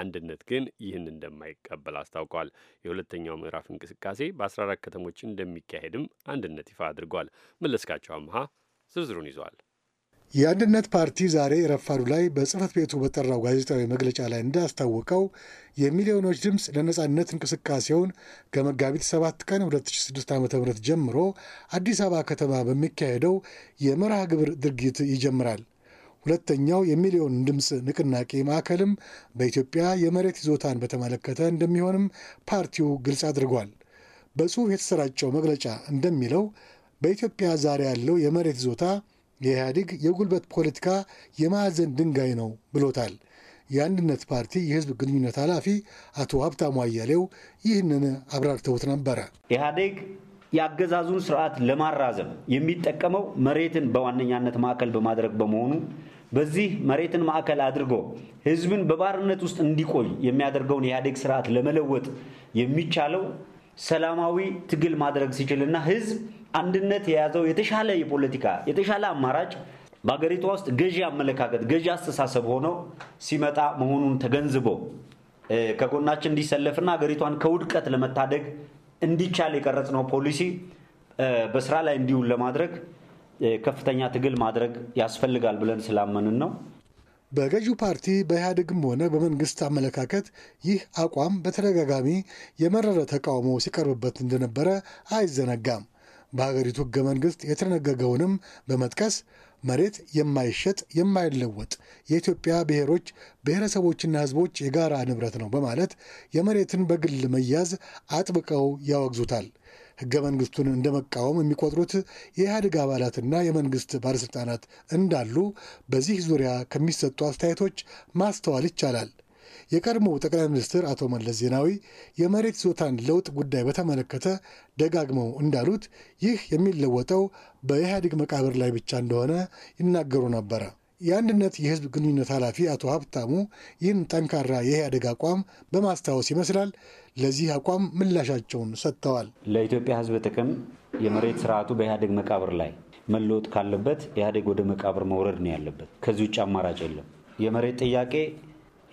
አንድነት ግን ይህን እንደማይቀበል አስታውቋል። የሁለተኛው ምዕራፍ እንቅስቃሴ በ14 ከተሞች እንደሚካሄድም አንድነት ይፋ አድርጓል። መለስካቸው አምሃ ዝርዝሩን ይዟል። የአንድነት ፓርቲ ዛሬ ረፋዱ ላይ በጽህፈት ቤቱ በጠራው ጋዜጣዊ መግለጫ ላይ እንዳስታወቀው የሚሊዮኖች ድምፅ ለነጻነት እንቅስቃሴውን ከመጋቢት 7 ቀን 2006 ዓ ም ጀምሮ አዲስ አበባ ከተማ በሚካሄደው የመርሃ ግብር ድርጊት ይጀምራል። ሁለተኛው የሚሊዮን ድምፅ ንቅናቄ ማዕከልም በኢትዮጵያ የመሬት ይዞታን በተመለከተ እንደሚሆንም ፓርቲው ግልጽ አድርጓል። በጽሑፍ የተሰራጨው መግለጫ እንደሚለው በኢትዮጵያ ዛሬ ያለው የመሬት ይዞታ የኢህአዴግ የጉልበት ፖለቲካ የማዕዘን ድንጋይ ነው ብሎታል። የአንድነት ፓርቲ የህዝብ ግንኙነት ኃላፊ አቶ ሀብታሙ አያሌው ይህንን አብራርተውት ነበረ። ኢህአዴግ የአገዛዙን ስርዓት ለማራዘም የሚጠቀመው መሬትን በዋነኛነት ማዕከል በማድረግ በመሆኑ በዚህ መሬትን ማዕከል አድርጎ ህዝብን በባርነት ውስጥ እንዲቆይ የሚያደርገውን የኢህአዴግ ስርዓት ለመለወጥ የሚቻለው ሰላማዊ ትግል ማድረግ ሲችልና ህዝብ አንድነት የያዘው የተሻለ የፖለቲካ የተሻለ አማራጭ በሀገሪቷ ውስጥ ገዢ አመለካከት፣ ገዢ አስተሳሰብ ሆኖ ሲመጣ መሆኑን ተገንዝቦ ከጎናችን እንዲሰለፍና ሀገሪቷን ከውድቀት ለመታደግ እንዲቻል የቀረጽነው ፖሊሲ በስራ ላይ እንዲውል ለማድረግ ከፍተኛ ትግል ማድረግ ያስፈልጋል ብለን ስላመንን ነው። በገዢው ፓርቲ በኢህአዴግም ሆነ በመንግስት አመለካከት ይህ አቋም በተደጋጋሚ የመረረ ተቃውሞ ሲቀርብበት እንደነበረ አይዘነጋም። በሀገሪቱ ህገ መንግስት የተደነገገውንም በመጥቀስ መሬት የማይሸጥ የማይለወጥ የኢትዮጵያ ብሔሮች ብሔረሰቦችና ህዝቦች የጋራ ንብረት ነው በማለት የመሬትን በግል መያዝ አጥብቀው ያወግዙታል። ህገ መንግስቱን እንደ መቃወም የሚቆጥሩት የኢህአዴግ አባላትና የመንግስት ባለሥልጣናት እንዳሉ በዚህ ዙሪያ ከሚሰጡ አስተያየቶች ማስተዋል ይቻላል። የቀድሞው ጠቅላይ ሚኒስትር አቶ መለስ ዜናዊ የመሬት ይዞታን ለውጥ ጉዳይ በተመለከተ ደጋግመው እንዳሉት ይህ የሚለወጠው በኢህአዴግ መቃብር ላይ ብቻ እንደሆነ ይናገሩ ነበረ። የአንድነት የህዝብ ግንኙነት ኃላፊ አቶ ሀብታሙ ይህን ጠንካራ የኢህአዴግ አቋም በማስታወስ ይመስላል ለዚህ አቋም ምላሻቸውን ሰጥተዋል። ለኢትዮጵያ ህዝብ ጥቅም የመሬት ስርዓቱ በኢህአዴግ መቃብር ላይ መለወጥ ካለበት ኢህአዴግ ወደ መቃብር መውረድ ነው ያለበት። ከዚህ ውጭ አማራጭ የለም። የመሬት ጥያቄ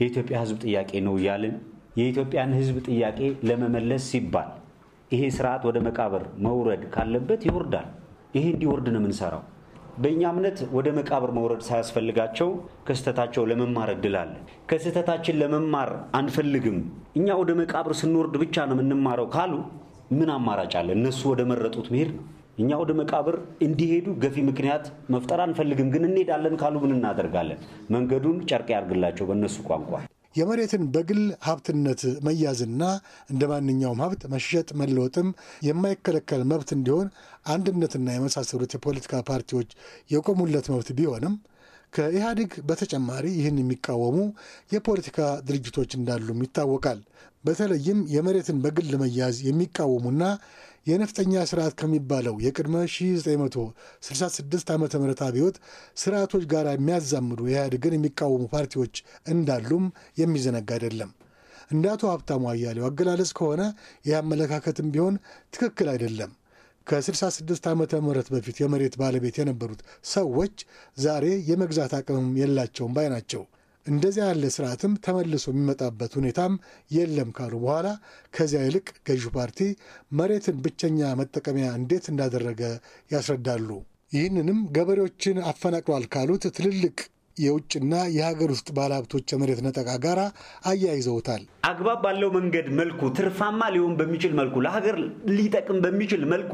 የኢትዮጵያ ህዝብ ጥያቄ ነው እያልን የኢትዮጵያን ህዝብ ጥያቄ ለመመለስ ሲባል ይሄ ስርዓት ወደ መቃብር መውረድ ካለበት ይወርዳል። ይሄ እንዲወርድ ነው የምንሰራው። በእኛ እምነት ወደ መቃብር መውረድ ሳያስፈልጋቸው ከስህተታቸው ለመማር እድል አለ። ከስህተታችን ለመማር አንፈልግም፣ እኛ ወደ መቃብር ስንወርድ ብቻ ነው የምንማረው ካሉ ምን አማራጭ አለ? እነሱ ወደ መረጡት መሄድ ነው። እኛ ወደ መቃብር እንዲሄዱ ገፊ ምክንያት መፍጠር አንፈልግም፣ ግን እንሄዳለን ካሉ ምን እናደርጋለን? መንገዱን ጨርቅ ያርግላቸው በእነሱ ቋንቋ። የመሬትን በግል ሀብትነት መያዝና እንደ ማንኛውም ሀብት መሸጥ መለወጥም የማይከለከል መብት እንዲሆን አንድነትና የመሳሰሉት የፖለቲካ ፓርቲዎች የቆሙለት መብት ቢሆንም ከኢህአዴግ በተጨማሪ ይህን የሚቃወሙ የፖለቲካ ድርጅቶች እንዳሉም ይታወቃል። በተለይም የመሬትን በግል መያዝ የሚቃወሙና የነፍጠኛ ስርዓት ከሚባለው የቅድመ 1966 ዓ ም አብዮት ስርዓቶች ጋር የሚያዛምዱ ኢህአዴግን የሚቃወሙ ፓርቲዎች እንዳሉም የሚዘነጋ አይደለም። እንደ አቶ ሀብታሙ አያሌው አገላለጽ ከሆነ ይህ አመለካከትም ቢሆን ትክክል አይደለም። ከ66 ዓ ም በፊት የመሬት ባለቤት የነበሩት ሰዎች ዛሬ የመግዛት አቅምም የላቸውም ባይ ናቸው። እንደዚያ ያለ ስርዓትም ተመልሶ የሚመጣበት ሁኔታም የለም ካሉ በኋላ ከዚያ ይልቅ ገዢ ፓርቲ መሬትን ብቸኛ መጠቀሚያ እንዴት እንዳደረገ ያስረዳሉ። ይህንንም ገበሬዎችን አፈናቅሏል ካሉት ትልልቅ የውጭና የሀገር ውስጥ ባለሀብቶች የመሬት ነጠቃ ጋር አያይዘውታል። አግባብ ባለው መንገድ መልኩ ትርፋማ ሊሆን በሚችል መልኩ ለሀገር ሊጠቅም በሚችል መልኩ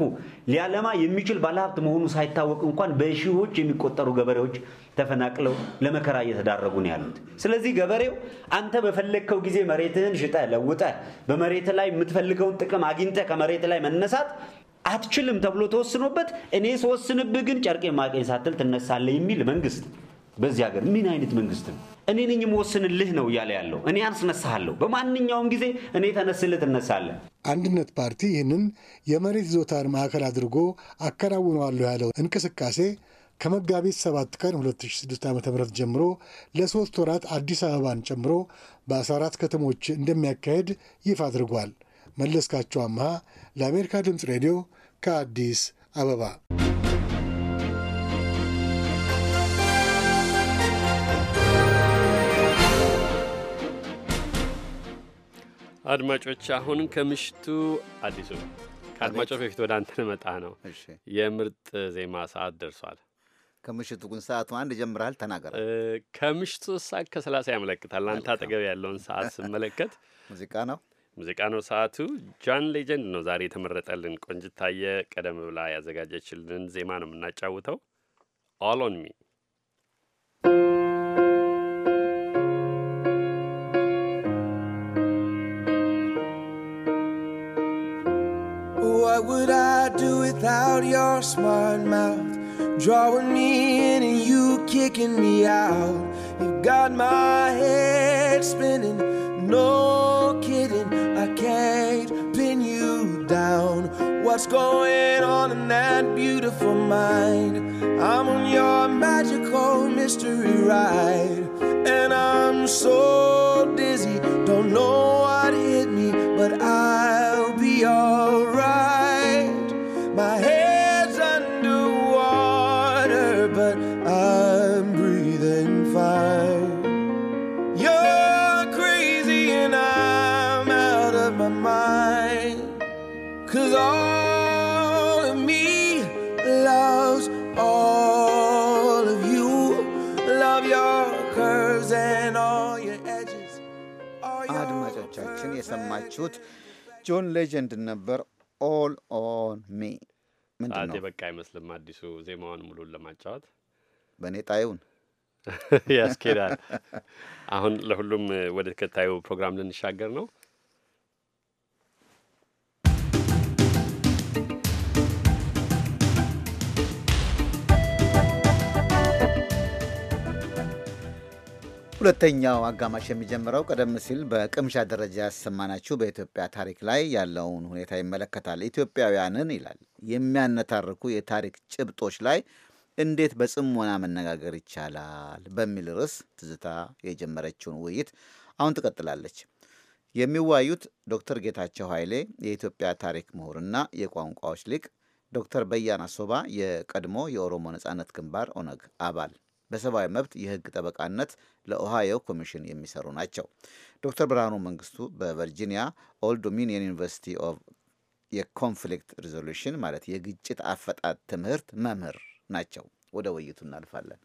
ሊያለማ የሚችል ባለሀብት መሆኑ ሳይታወቅ እንኳን በሺዎች የሚቆጠሩ ገበሬዎች ተፈናቅለው ለመከራ እየተዳረጉ ነው ያሉት። ስለዚህ ገበሬው አንተ በፈለግከው ጊዜ መሬትህን ሽጠ ለውጠ በመሬት ላይ የምትፈልገውን ጥቅም አግኝተ ከመሬት ላይ መነሳት አትችልም ተብሎ ተወስኖበት እኔ ስወስንብህ ግን ጨርቄ ማቄን ሳትል ትነሳለህ የሚል መንግስት በዚህ ሀገር ምን አይነት መንግስት ነው? እኔ ነኝ የምወስንልህ ነው እያለ ያለው። እኔ አስነሳሃለሁ፣ በማንኛውም ጊዜ እኔ ተነስልህ ትነሳለህ። አንድነት ፓርቲ ይህንን የመሬት ይዞታን ማዕከል አድርጎ አከናውነዋለሁ ያለው እንቅስቃሴ ከመጋቢት 7 ቀን 2006 ዓ ም ጀምሮ ለሶስት ወራት አዲስ አበባን ጨምሮ በ14 ከተሞች እንደሚያካሄድ ይፋ አድርጓል። መለስካቸው አምሃ ለአሜሪካ ድምፅ ሬዲዮ ከአዲስ አበባ አድማጮች አሁን ከምሽቱ አዲሱ ከአድማጮች በፊት ወደ አንተ ልመጣ ነው። የምርጥ ዜማ ሰዓት ደርሷል። ከምሽቱ ግን ሰዓቱ አንድ ጀምረሃል፣ ተናገረ። ከምሽቱ ሳ ከሰላሳ ያመለክታል። አንተ አጠገብ ያለውን ሰዓት ስመለከት ሙዚቃ ነው ሙዚቃ ነው ሰዓቱ። ጃን ሌጀንድ ነው ዛሬ የተመረጠልን። ቆንጅታየ ቀደም ብላ ያዘጋጀችልን ዜማ ነው የምናጫውተው ኦል ኦን ሚ What would I do without your smart mouth? Drawing me in and you kicking me out. You've got my head spinning, no kidding. I can't pin you down. What's going on in that beautiful mind? I'm on your magical mystery ride, and I'm so dizzy, don't know what የሰማችሁት ጆን ሌጀንድ ነበር። ኦል ኦን ሚ ምንድነው በቃ አይመስልም። አዲሱ ዜማውን ሙሉን ለማጫወት በእኔ ጣይውን ያስኬዳል። አሁን ለሁሉም ወደ ተከታዩ ፕሮግራም ልንሻገር ነው። ሁለተኛው አጋማሽ የሚጀምረው ቀደም ሲል በቅምሻ ደረጃ ያሰማናችሁ በኢትዮጵያ ታሪክ ላይ ያለውን ሁኔታ ይመለከታል። ኢትዮጵያውያንን ይላል የሚያነታርኩ የታሪክ ጭብጦች ላይ እንዴት በጽሞና መነጋገር ይቻላል በሚል ርዕስ ትዝታ የጀመረችውን ውይይት አሁን ትቀጥላለች። የሚወያዩት ዶክተር ጌታቸው ኃይሌ የኢትዮጵያ ታሪክ ምሁርና የቋንቋዎች ሊቅ፣ ዶክተር በያና ሶባ የቀድሞ የኦሮሞ ነጻነት ግንባር ኦነግ አባል በሰብአዊ መብት የህግ ጠበቃነት ለኦሃዮ ኮሚሽን የሚሰሩ ናቸው። ዶክተር ብርሃኑ መንግስቱ በቨርጂኒያ ኦል ዶሚኒየን ዩኒቨርሲቲ ኦፍ የኮንፍሊክት ሪዞሉሽን ማለት የግጭት አፈጣት ትምህርት መምህር ናቸው። ወደ ውይይቱ እናልፋለን።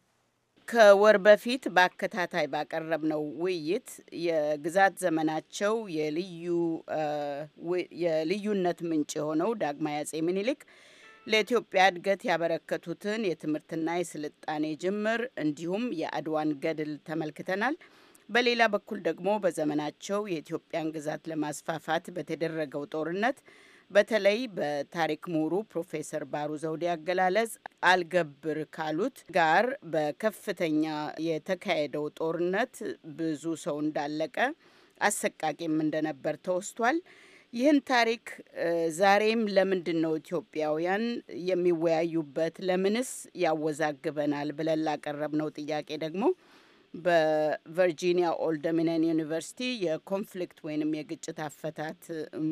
ከወር በፊት በአከታታይ ባቀረብነው ውይይት የግዛት ዘመናቸው የልዩነት ምንጭ የሆነው ዳግማዊ አጼ ምኒልክ ለኢትዮጵያ እድገት ያበረከቱትን የትምህርትና የስልጣኔ ጅምር እንዲሁም የአድዋን ገድል ተመልክተናል። በሌላ በኩል ደግሞ በዘመናቸው የኢትዮጵያን ግዛት ለማስፋፋት በተደረገው ጦርነት በተለይ በታሪክ ምሁሩ ፕሮፌሰር ባሩ ዘውዴ አገላለጽ አልገብር ካሉት ጋር በከፍተኛ የተካሄደው ጦርነት ብዙ ሰው እንዳለቀ አሰቃቂም እንደነበር ተወስቷል። ይህን ታሪክ ዛሬም ለምንድን ነው ኢትዮጵያውያን የሚወያዩበት? ለምንስ ያወዛግበናል? ብለን ላቀረብነው ጥያቄ ደግሞ በቨርጂኒያ ኦልድ ዶሚኒየን ዩኒቨርሲቲ የኮንፍሊክት ወይንም የግጭት አፈታት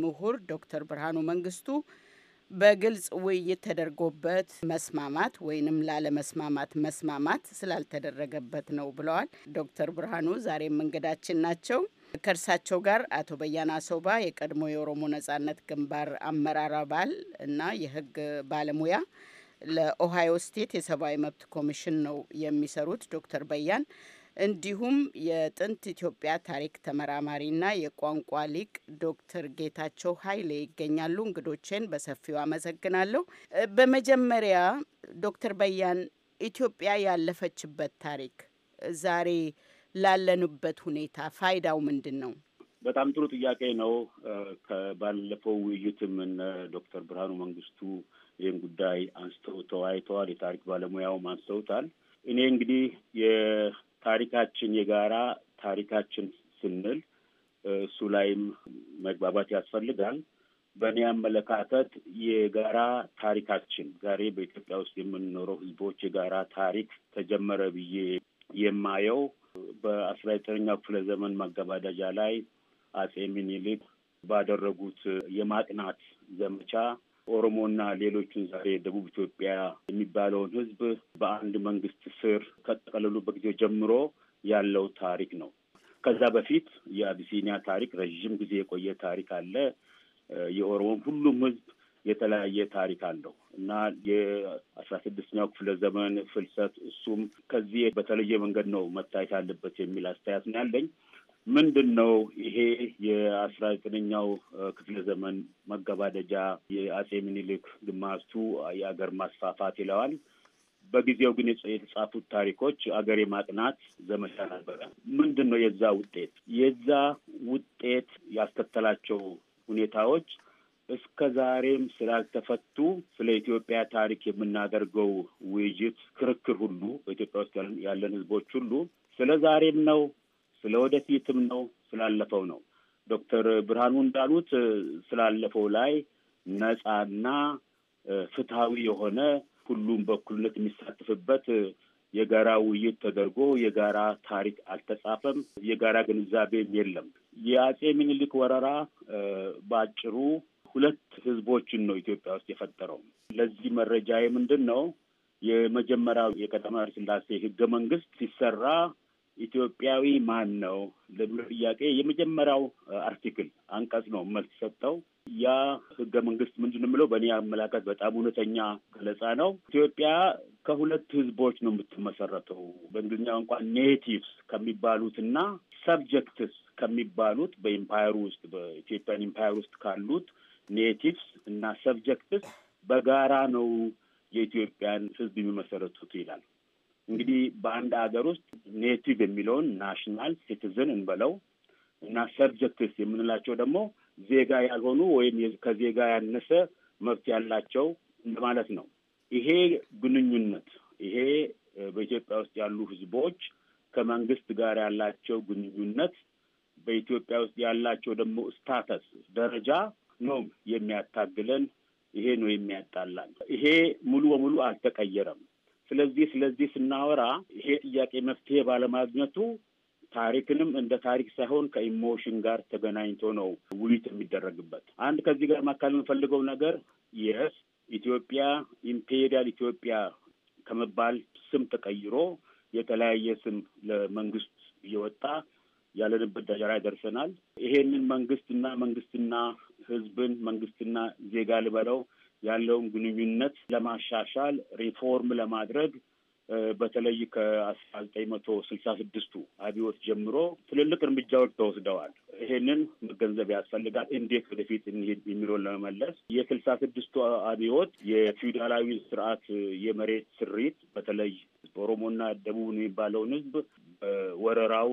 ምሁር ዶክተር ብርሃኑ መንግስቱ በግልጽ ውይይት ተደርጎበት መስማማት ወይንም ላለመስማማት መስማማት ስላልተደረገበት ነው ብለዋል። ዶክተር ብርሃኑ ዛሬም እንግዳችን ናቸው። ከእርሳቸው ጋር አቶ በያና ሶባ የቀድሞ የኦሮሞ ነጻነት ግንባር አመራር አባል እና የህግ ባለሙያ ለኦሃዮ ስቴት የሰብአዊ መብት ኮሚሽን ነው የሚሰሩት ዶክተር በያን እንዲሁም የጥንት ኢትዮጵያ ታሪክ ተመራማሪና የቋንቋ ሊቅ ዶክተር ጌታቸው ኃይሌ ይገኛሉ። እንግዶቼን በሰፊው አመሰግናለሁ። በመጀመሪያ ዶክተር በያን ኢትዮጵያ ያለፈችበት ታሪክ ዛሬ ላለንበት ሁኔታ ፋይዳው ምንድን ነው? በጣም ጥሩ ጥያቄ ነው። ከባለፈው ውይይትም እነ ዶክተር ብርሃኑ መንግስቱ ይህን ጉዳይ አንስተው ተወያይተዋል። የታሪክ ባለሙያውም አንስተውታል። እኔ እንግዲህ የታሪካችን የጋራ ታሪካችን ስንል እሱ ላይም መግባባት ያስፈልጋል። በእኔ አመለካከት የጋራ ታሪካችን ዛሬ በኢትዮጵያ ውስጥ የምንኖረው ህዝቦች የጋራ ታሪክ ተጀመረ ብዬ የማየው በአስራ ዘጠነኛው ክፍለ ዘመን መገባደጃ ላይ አጼ ሚኒሊክ ባደረጉት የማቅናት ዘመቻ ኦሮሞና ሌሎችን ዛሬ ደቡብ ኢትዮጵያ የሚባለውን ሕዝብ በአንድ መንግስት ስር ከጠቀለሉበት ጊዜ ጀምሮ ያለው ታሪክ ነው። ከዛ በፊት የአቢሲኒያ ታሪክ ረዥም ጊዜ የቆየ ታሪክ አለ። የኦሮሞም ሁሉም ሕዝብ የተለያየ ታሪክ አለው እና የአስራ ስድስተኛው ክፍለ ዘመን ፍልሰት እሱም ከዚህ በተለየ መንገድ ነው መታየት አለበት የሚል አስተያየት ነው ያለኝ። ምንድን ነው ይሄ የአስራ ዘጠነኛው ክፍለ ዘመን መገባደጃ የአጼ ምኒልክ ግማቱ የአገር ማስፋፋት ይለዋል። በጊዜው ግን የተጻፉት ታሪኮች አገር የማጥናት ዘመቻ ነበረ። ምንድን ነው የዛ ውጤት? የዛ ውጤት ያስከተላቸው ሁኔታዎች እስከ ዛሬም ስላልተፈቱ ስለ ኢትዮጵያ ታሪክ የምናደርገው ውይይት፣ ክርክር ሁሉ በኢትዮጵያ ውስጥ ያለን ህዝቦች ሁሉ ስለ ዛሬም ነው፣ ስለ ወደፊትም ነው፣ ስላለፈው ነው። ዶክተር ብርሃኑ እንዳሉት ስላለፈው ላይ ነጻና ፍትሐዊ የሆነ ሁሉም በኩልነት የሚሳተፍበት የጋራ ውይይት ተደርጎ የጋራ ታሪክ አልተጻፈም። የጋራ ግንዛቤም የለም። የአጼ ምኒልክ ወረራ በአጭሩ ሁለት ህዝቦችን ነው ኢትዮጵያ ውስጥ የፈጠረው። ለዚህ መረጃ ምንድን ነው? የመጀመሪያው የቀዳማዊ ስላሴ ህገ መንግስት ሲሰራ ኢትዮጵያዊ ማን ነው ለሚለው ጥያቄ የመጀመሪያው አርቲክል አንቀጽ ነው መልስ ሰጠው። ያ ህገ መንግስት ምንድን ነው የሚለው በእኔ አመላከት በጣም እውነተኛ ገለጻ ነው። ኢትዮጵያ ከሁለት ህዝቦች ነው የምትመሰረተው በእንግሊዝኛ ቋንቋ ኔቲቭስ ከሚባሉትና ሰብጀክትስ ከሚባሉት በኢምፓየር ውስጥ በኢትዮጵያን ኢምፓየር ውስጥ ካሉት ኔቲቭስ እና ሰብጀክትስ በጋራ ነው የኢትዮጵያን ህዝብ የሚመሰረቱት ይላል። እንግዲህ በአንድ ሀገር ውስጥ ኔቲቭ የሚለውን ናሽናል ሲቲዝን እንበለው እና ሰብጀክትስ የምንላቸው ደግሞ ዜጋ ያልሆኑ ወይም ከዜጋ ያነሰ መብት ያላቸው እንደማለት ነው። ይሄ ግንኙነት ይሄ በኢትዮጵያ ውስጥ ያሉ ህዝቦች ከመንግስት ጋር ያላቸው ግንኙነት በኢትዮጵያ ውስጥ ያላቸው ደግሞ ስታተስ ደረጃ ነው የሚያታግለን፣ ይሄ ነው የሚያጣላን። ይሄ ሙሉ በሙሉ አልተቀየረም። ስለዚህ ስለዚህ ስናወራ ይሄ ጥያቄ መፍትሄ ባለማግኘቱ ታሪክንም እንደ ታሪክ ሳይሆን ከኢሞሽን ጋር ተገናኝቶ ነው ውይይት የሚደረግበት። አንድ ከዚህ ጋር ማካከል የምፈልገው ነገር የስ ኢትዮጵያ ኢምፔሪያል ኢትዮጵያ ከመባል ስም ተቀይሮ የተለያየ ስም ለመንግስት እየወጣ ያለንበት ደረጃ ላይ ደርሰናል። ይሄንን መንግስትና መንግስትና ህዝብን መንግስትና ዜጋ ልበለው ያለውን ግንኙነት ለማሻሻል ሪፎርም ለማድረግ በተለይ ከአስራ ዘጠኝ መቶ ስልሳ ስድስቱ አብዮት ጀምሮ ትልልቅ እርምጃዎች ተወስደዋል። ይሄንን መገንዘብ ያስፈልጋል። እንዴት ወደፊት እንሄድ የሚለውን ለመመለስ የስልሳ ስድስቱ አብዮት የፊውዳላዊ ስርዓት የመሬት ስሪት በተለይ ኦሮሞና ደቡብ የሚባለውን ህዝብ ወረራው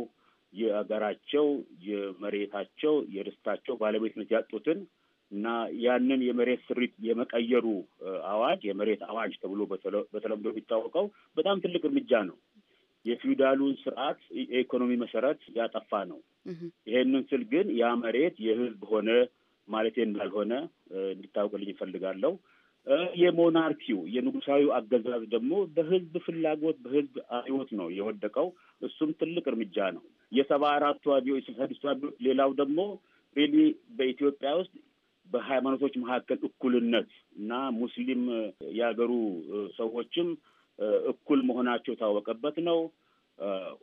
የአገራቸው፣ የመሬታቸው፣ የርስታቸው ባለቤትነት ያጡትን እና ያንን የመሬት ስሪት የመቀየሩ አዋጅ የመሬት አዋጅ ተብሎ በተለምዶ የሚታወቀው በጣም ትልቅ እርምጃ ነው። የፊውዳሉን ስርዓት የኢኮኖሚ መሰረት ያጠፋ ነው። ይሄንን ስል ግን ያ መሬት የህዝብ ሆነ ማለቴ እንዳልሆነ እንድታውቅልኝ እፈልጋለሁ። የሞናርኪው የንጉሳዊ አገዛዝ ደግሞ በህዝብ ፍላጎት በህዝብ አይወት ነው የወደቀው። እሱም ትልቅ እርምጃ ነው። የሰባ አራቱ አብዮች፣ ስድስቱ አብዮች። ሌላው ደግሞ ሪሊ በኢትዮጵያ ውስጥ በሃይማኖቶች መካከል እኩልነት እና ሙስሊም የሀገሩ ሰዎችም እኩል መሆናቸው የታወቀበት ነው።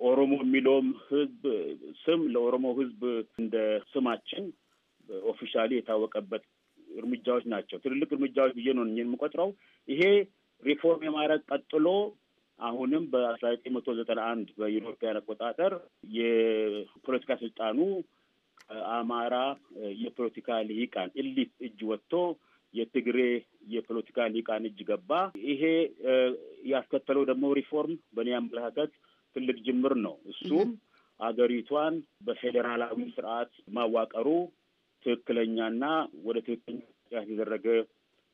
ኦሮሞ የሚለውም ህዝብ ስም ለኦሮሞ ህዝብ እንደ ስማችን ኦፊሻሊ የታወቀበት እርምጃዎች ናቸው። ትልልቅ እርምጃዎች ብዬ ነው የምቆጥረው። ይሄ ሪፎርም የማድረግ ቀጥሎ አሁንም በአስራ ዘጠኝ መቶ ዘጠና አንድ በኢሮፓያን አቆጣጠር የፖለቲካ ስልጣኑ አማራ የፖለቲካ ልሂቃን ኢሊት እጅ ወጥቶ የትግሬ የፖለቲካ ልሂቃን እጅ ገባ። ይሄ ያስከተለው ደግሞ ሪፎርም በእኔ አመለካከት ትልቅ ጅምር ነው። እሱም አገሪቷን በፌዴራላዊ ስርዓት ማዋቀሩ ትክክለኛና ወደ ትክክለኛ የተደረገ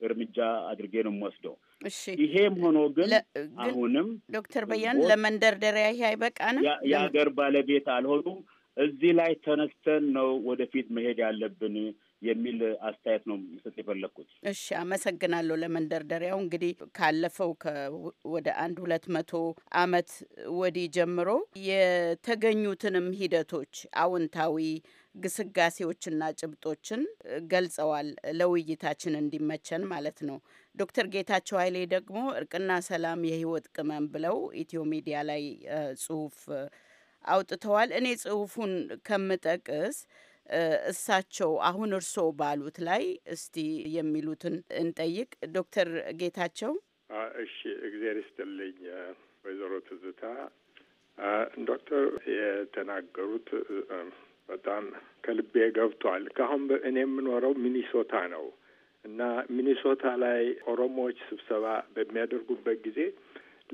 እርምጃ አድርጌ ነው የምወስደው። እሺ ይሄም ሆኖ ግን አሁንም ዶክተር በያን ለመንደርደሪያ ይሄ አይበቃንም። የሀገር ባለቤት አልሆኑም። እዚህ ላይ ተነስተን ነው ወደፊት መሄድ ያለብን የሚል አስተያየት ነው ምስጥ የፈለግኩት። እሺ አመሰግናለሁ። ለመንደርደሪያው እንግዲህ ካለፈው ወደ አንድ ሁለት መቶ አመት ወዲህ ጀምሮ የተገኙትንም ሂደቶች አዎንታዊ ግስጋሴዎችና ጭብጦችን ገልጸዋል። ለውይይታችን እንዲመቸን ማለት ነው። ዶክተር ጌታቸው ኃይሌ ደግሞ እርቅና ሰላም የህይወት ቅመም ብለው ኢትዮ ሚዲያ ላይ ጽሁፍ አውጥተዋል። እኔ ጽሁፉን ከምጠቅስ እሳቸው አሁን እርስዎ ባሉት ላይ እስቲ የሚሉትን እንጠይቅ። ዶክተር ጌታቸው እሺ፣ እግዜር ይስጥልኝ ወይዘሮ ትዝታ ዶክተር የተናገሩት በጣም ከልቤ ገብቷል። ከአሁን እኔ የምኖረው ሚኒሶታ ነው እና ሚኒሶታ ላይ ኦሮሞዎች ስብሰባ በሚያደርጉበት ጊዜ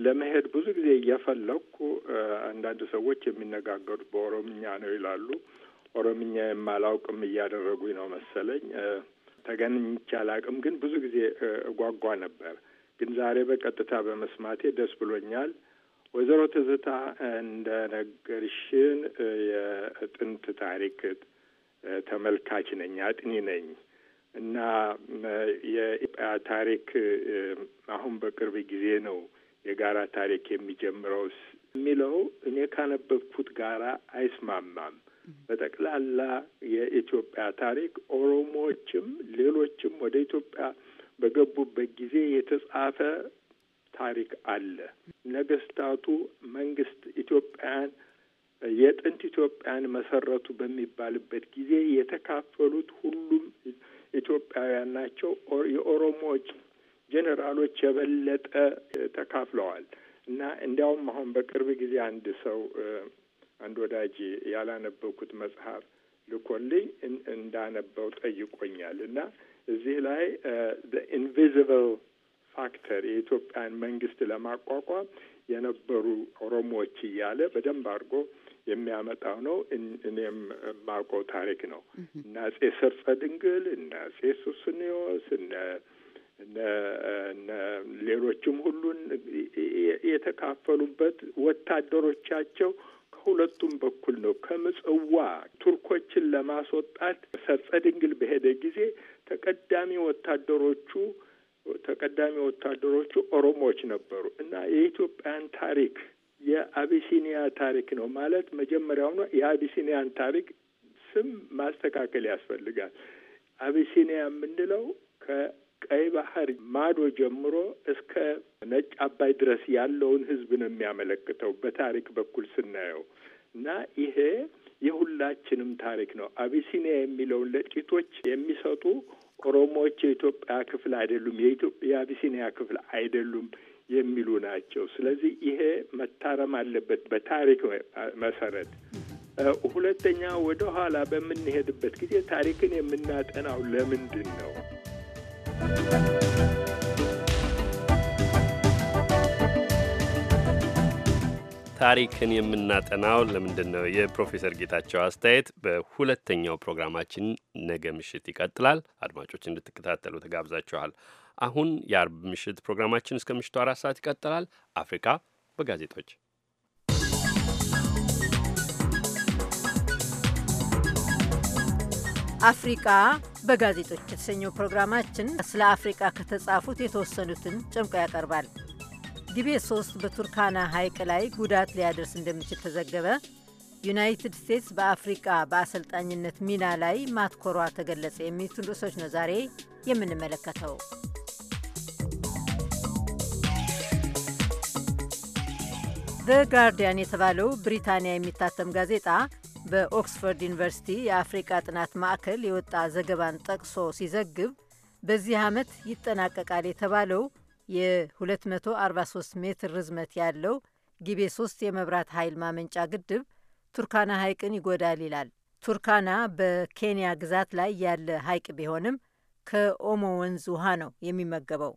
ለመሄድ ብዙ ጊዜ እየፈለግኩ አንዳንድ ሰዎች የሚነጋገሩት በኦሮምኛ ነው ይላሉ። ኦሮምኛ የማላውቅም እያደረጉኝ ነው መሰለኝ። ተገኝቼ አላውቅም፣ ግን ብዙ ጊዜ እጓጓ ነበር። ግን ዛሬ በቀጥታ በመስማቴ ደስ ብሎኛል። ወይዘሮ ትዝታ እንደነገርሽን የጥንት ታሪክ ተመልካች ነኝ፣ አጥኒ ነኝ እና የኢትዮጵያ ታሪክ አሁን በቅርብ ጊዜ ነው የጋራ ታሪክ የሚጀምረው የሚለው እኔ ካነበብኩት ጋራ አይስማማም። በጠቅላላ የኢትዮጵያ ታሪክ ኦሮሞዎችም ሌሎችም ወደ ኢትዮጵያ በገቡበት ጊዜ የተጻፈ ታሪክ አለ። ነገስታቱ መንግስት ኢትዮጵያን የጥንት ኢትዮጵያን መሰረቱ በሚባልበት ጊዜ የተካፈሉት ሁሉም ኢትዮጵያውያን ናቸው። የኦሮሞዎች ጄኔራሎች የበለጠ ተካፍለዋል እና እንዲያውም አሁን በቅርብ ጊዜ አንድ ሰው አንድ ወዳጅ ያላነበብኩት መጽሐፍ ልኮልኝ እንዳነበው ጠይቆኛል እና እዚህ ላይ ኢንቪዚብል ፋክተር የኢትዮጵያን መንግስት ለማቋቋም የነበሩ ኦሮሞዎች እያለ በደንብ አድርጎ የሚያመጣው ነው። እኔም የማውቀው ታሪክ ነው። እነ አጼ ሰርጸ ድንግል፣ እነ አጼ ሱስንዮስ፣ እነ ሌሎችም ሁሉን የተካፈሉበት ወታደሮቻቸው ከሁለቱም በኩል ነው። ከምጽዋ ቱርኮችን ለማስወጣት ሰርጸ ድንግል በሄደ ጊዜ ተቀዳሚ ወታደሮቹ ተቀዳሚ ወታደሮቹ ኦሮሞዎች ነበሩ እና የኢትዮጵያን ታሪክ የአቢሲኒያ ታሪክ ነው ማለት ነው። የአቢሲኒያን ታሪክ ስም ማስተካከል ያስፈልጋል። አቢሲኒያ የምንለው ከቀይ ባህር ማዶ ጀምሮ እስከ ነጭ አባይ ድረስ ያለውን ህዝብ ነው የሚያመለክተው በታሪክ በኩል ስናየው እና ይሄ የሁላችንም ታሪክ ነው። አቢሲኒያ የሚለውን ለጥቂቶች የሚሰጡ ኦሮሞዎች የኢትዮጵያ ክፍል አይደሉም፣ የኢትዮጵያ ቢሲኒያ ክፍል አይደሉም የሚሉ ናቸው። ስለዚህ ይሄ መታረም አለበት በታሪክ መሰረት። ሁለተኛ ወደ ኋላ በምንሄድበት ጊዜ ታሪክን የምናጠናው ለምንድን ነው? ታሪክን የምናጠናው ለምንድን ነው? የፕሮፌሰር ጌታቸው አስተያየት በሁለተኛው ፕሮግራማችን ነገ ምሽት ይቀጥላል። አድማጮች እንድትከታተሉ ተጋብዛችኋል። አሁን የአርብ ምሽት ፕሮግራማችን እስከ ምሽቱ አራት ሰዓት ይቀጥላል። አፍሪካ በጋዜጦች አፍሪቃ በጋዜጦች የተሰኘው ፕሮግራማችን ስለ አፍሪቃ ከተጻፉት የተወሰኑትን ጨምቆ ያቀርባል። ዲቤ 3 በቱርካና ሐይቅ ላይ ጉዳት ሊያደርስ እንደሚችል ተዘገበ። ዩናይትድ ስቴትስ በአፍሪቃ በአሰልጣኝነት ሚና ላይ ማትኮሯ ተገለጸ። የሚሉትን ርዕሶች ነው ዛሬ የምንመለከተው። ዘ ጋርዲያን የተባለው ብሪታንያ የሚታተም ጋዜጣ በኦክስፎርድ ዩኒቨርሲቲ የአፍሪቃ ጥናት ማዕከል የወጣ ዘገባን ጠቅሶ ሲዘግብ በዚህ ዓመት ይጠናቀቃል የተባለው የ243 ሜትር ርዝመት ያለው ጊቤ 3 የመብራት ኃይል ማመንጫ ግድብ ቱርካና ሐይቅን ይጎዳል ይላል። ቱርካና በኬንያ ግዛት ላይ ያለ ሐይቅ ቢሆንም ከኦሞ ወንዝ ውሃ ነው የሚመገበው።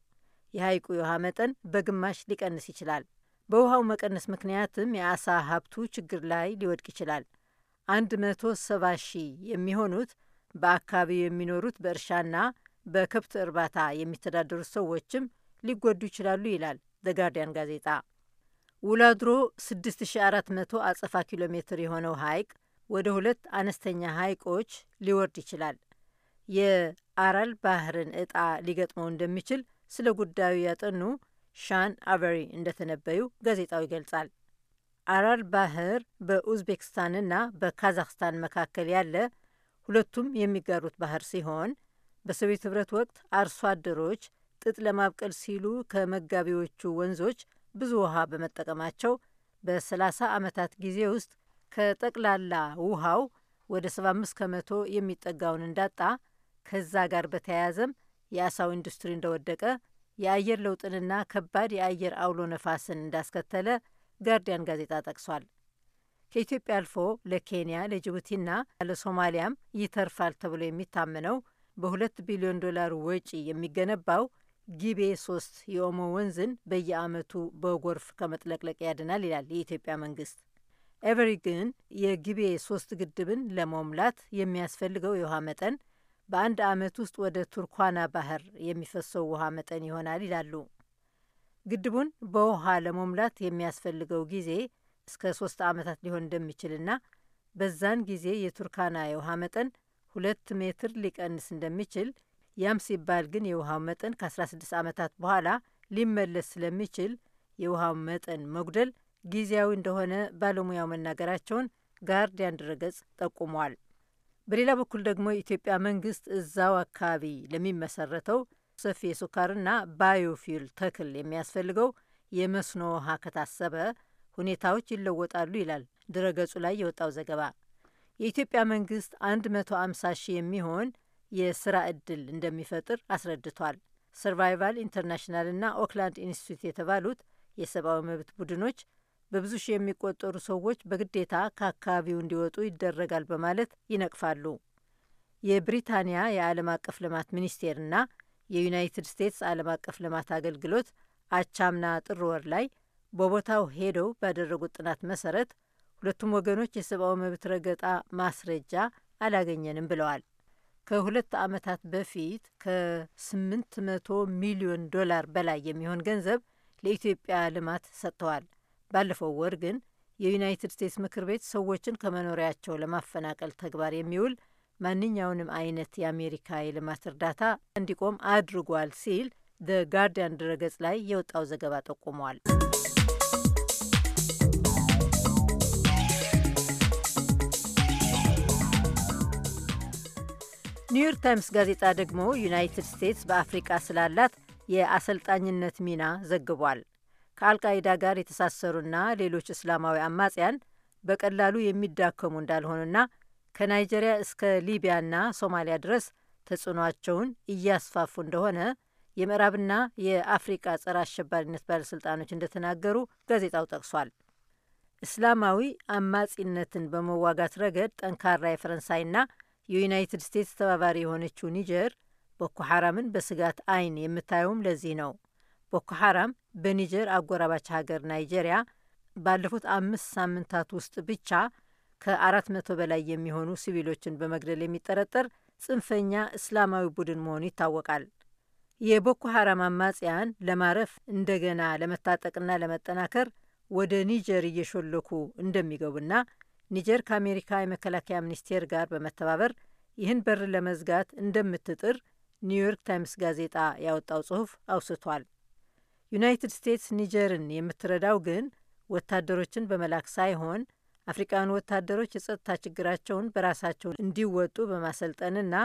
የሐይቁ የውሃ መጠን በግማሽ ሊቀንስ ይችላል። በውሃው መቀነስ ምክንያትም የአሳ ሀብቱ ችግር ላይ ሊወድቅ ይችላል። 170 ሺህ የሚሆኑት በአካባቢው የሚኖሩት በእርሻና በከብት እርባታ የሚተዳደሩት ሰዎችም ሊጎዱ ይችላሉ ይላል ዘ ጋርዲያን ጋዜጣ። ውላድሮ 6400 አጸፋ ኪሎ ሜትር የሆነው ሐይቅ ወደ ሁለት አነስተኛ ሐይቆች ሊወርድ ይችላል። የአራል ባህርን ዕጣ ሊገጥመው እንደሚችል ስለ ጉዳዩ ያጠኑ ሻን አቨሪ እንደተነበዩ ጋዜጣው ይገልጻል። አራል ባህር በኡዝቤክስታንና በካዛክስታን መካከል ያለ ሁለቱም የሚጋሩት ባህር ሲሆን በሶቪየት ህብረት ወቅት አርሶ አደሮች ጥጥ ለማብቀል ሲሉ ከመጋቢዎቹ ወንዞች ብዙ ውሃ በመጠቀማቸው በ30 ዓመታት ጊዜ ውስጥ ከጠቅላላ ውሃው ወደ 75 ከመቶ የሚጠጋውን እንዳጣ፣ ከዛ ጋር በተያያዘም የአሳው ኢንዱስትሪ እንደወደቀ፣ የአየር ለውጥንና ከባድ የአየር አውሎ ነፋስን እንዳስከተለ ጋርዲያን ጋዜጣ ጠቅሷል። ከኢትዮጵያ አልፎ ለኬንያ ለጅቡቲና ለሶማሊያም ይተርፋል ተብሎ የሚታመነው በሁለት ቢሊዮን ዶላር ወጪ የሚገነባው ጊቤ ሶስት የኦሞ ወንዝን በየአመቱ በጎርፍ ከመጥለቅለቅ ያድናል ይላል የኢትዮጵያ መንግስት። ኤቨሪ ግን የጊቤ ሶስት ግድብን ለመሙላት የሚያስፈልገው የውሃ መጠን በአንድ አመት ውስጥ ወደ ቱርኳና ባህር የሚፈሰው ውሃ መጠን ይሆናል ይላሉ። ግድቡን በውሃ ለመሙላት የሚያስፈልገው ጊዜ እስከ ሶስት አመታት ሊሆን እንደሚችልና በዛን ጊዜ የቱርካና የውሃ መጠን ሁለት ሜትር ሊቀንስ እንደሚችል ያም ሲባል ግን የውሃው መጠን ከ16 ዓመታት በኋላ ሊመለስ ስለሚችል የውሃው መጠን መጉደል ጊዜያዊ እንደሆነ ባለሙያው መናገራቸውን ጋርዲያን ድረገጽ ጠቁሟል። በሌላ በኩል ደግሞ የኢትዮጵያ መንግስት እዛው አካባቢ ለሚመሰረተው ሰፊ የሱካርና ባዮፊል ተክል የሚያስፈልገው የመስኖ ውሃ ከታሰበ ሁኔታዎች ይለወጣሉ ይላል ድረገጹ ላይ የወጣው ዘገባ። የኢትዮጵያ መንግስት 150 ሺህ የሚሆን የስራ እድል እንደሚፈጥር አስረድቷል። ሰርቫይቫል ኢንተርናሽናልና ኦክላንድ ኢንስቲትዩት የተባሉት የሰብአዊ መብት ቡድኖች በብዙ ሺህ የሚቆጠሩ ሰዎች በግዴታ ከአካባቢው እንዲወጡ ይደረጋል በማለት ይነቅፋሉ። የብሪታንያ የዓለም አቀፍ ልማት ሚኒስቴርና የዩናይትድ ስቴትስ ዓለም አቀፍ ልማት አገልግሎት አቻምና ጥር ወር ላይ በቦታው ሄደው ባደረጉት ጥናት መሰረት ሁለቱም ወገኖች የሰብአዊ መብት ረገጣ ማስረጃ አላገኘንም ብለዋል። ከሁለት ዓመታት በፊት ከ800 ሚሊዮን ዶላር በላይ የሚሆን ገንዘብ ለኢትዮጵያ ልማት ሰጥተዋል። ባለፈው ወር ግን የዩናይትድ ስቴትስ ምክር ቤት ሰዎችን ከመኖሪያቸው ለማፈናቀል ተግባር የሚውል ማንኛውንም አይነት የአሜሪካ የልማት እርዳታ እንዲቆም አድርጓል ሲል ደ ጋርዲያን ድረገጽ ላይ የወጣው ዘገባ ጠቁሟል። ኒውዮርክ ታይምስ ጋዜጣ ደግሞ ዩናይትድ ስቴትስ በአፍሪቃ ስላላት የአሰልጣኝነት ሚና ዘግቧል። ከአልቃይዳ ጋር የተሳሰሩና ሌሎች እስላማዊ አማጽያን በቀላሉ የሚዳከሙ እንዳልሆኑና ከናይጀሪያ እስከ ሊቢያና ሶማሊያ ድረስ ተጽዕኗቸውን እያስፋፉ እንደሆነ የምዕራብና የአፍሪቃ ጸረ አሸባሪነት ባለሥልጣኖች እንደተናገሩ ጋዜጣው ጠቅሷል። እስላማዊ አማጺነትን በመዋጋት ረገድ ጠንካራ የፈረንሳይና የዩናይትድ ስቴትስ ተባባሪ የሆነችው ኒጀር ቦኮ ሐራምን በስጋት አይን የምታየውም ለዚህ ነው። ቦኮ ሐራም በኒጀር አጎራባች ሀገር ናይጄሪያ ባለፉት አምስት ሳምንታት ውስጥ ብቻ ከአራት መቶ በላይ የሚሆኑ ሲቪሎችን በመግደል የሚጠረጠር ጽንፈኛ እስላማዊ ቡድን መሆኑ ይታወቃል። የቦኮ ሐራም አማጽያን ለማረፍ እንደገና ለመታጠቅና ለመጠናከር ወደ ኒጀር እየሾለኩ እንደሚገቡና ኒጀር ከአሜሪካ የመከላከያ ሚኒስቴር ጋር በመተባበር ይህን በር ለመዝጋት እንደምትጥር ኒውዮርክ ታይምስ ጋዜጣ ያወጣው ጽሑፍ አውስቷል። ዩናይትድ ስቴትስ ኒጀርን የምትረዳው ግን ወታደሮችን በመላክ ሳይሆን አፍሪካውያን ወታደሮች የጸጥታ ችግራቸውን በራሳቸው እንዲወጡ በማሰልጠንና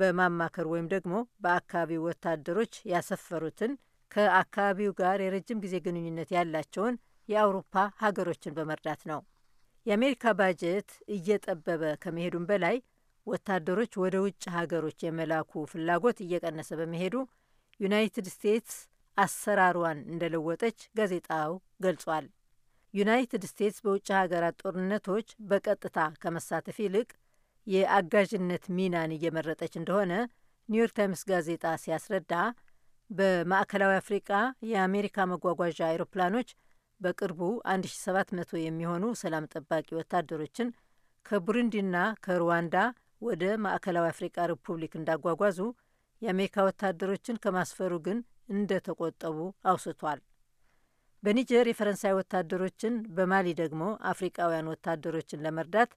በማማከር ወይም ደግሞ በአካባቢው ወታደሮች ያሰፈሩትን ከአካባቢው ጋር የረጅም ጊዜ ግንኙነት ያላቸውን የአውሮፓ ሀገሮችን በመርዳት ነው። የአሜሪካ ባጀት እየጠበበ ከመሄዱም በላይ ወታደሮች ወደ ውጭ ሀገሮች የመላኩ ፍላጎት እየቀነሰ በመሄዱ ዩናይትድ ስቴትስ አሰራሯን እንደለወጠች ጋዜጣው ገልጿል። ዩናይትድ ስቴትስ በውጭ ሀገራት ጦርነቶች በቀጥታ ከመሳተፍ ይልቅ የአጋዥነት ሚናን እየመረጠች እንደሆነ ኒውዮርክ ታይምስ ጋዜጣ ሲያስረዳ፣ በማዕከላዊ አፍሪቃ የአሜሪካ መጓጓዣ አይሮፕላኖች በቅርቡ 1700 የሚሆኑ ሰላም ጠባቂ ወታደሮችን ከቡሩንዲና ከሩዋንዳ ወደ ማዕከላዊ አፍሪቃ ሪፑብሊክ እንዳጓጓዙ፣ የአሜሪካ ወታደሮችን ከማስፈሩ ግን እንደተቆጠቡ አውስቷል። በኒጀር የፈረንሳይ ወታደሮችን፣ በማሊ ደግሞ አፍሪቃውያን ወታደሮችን ለመርዳት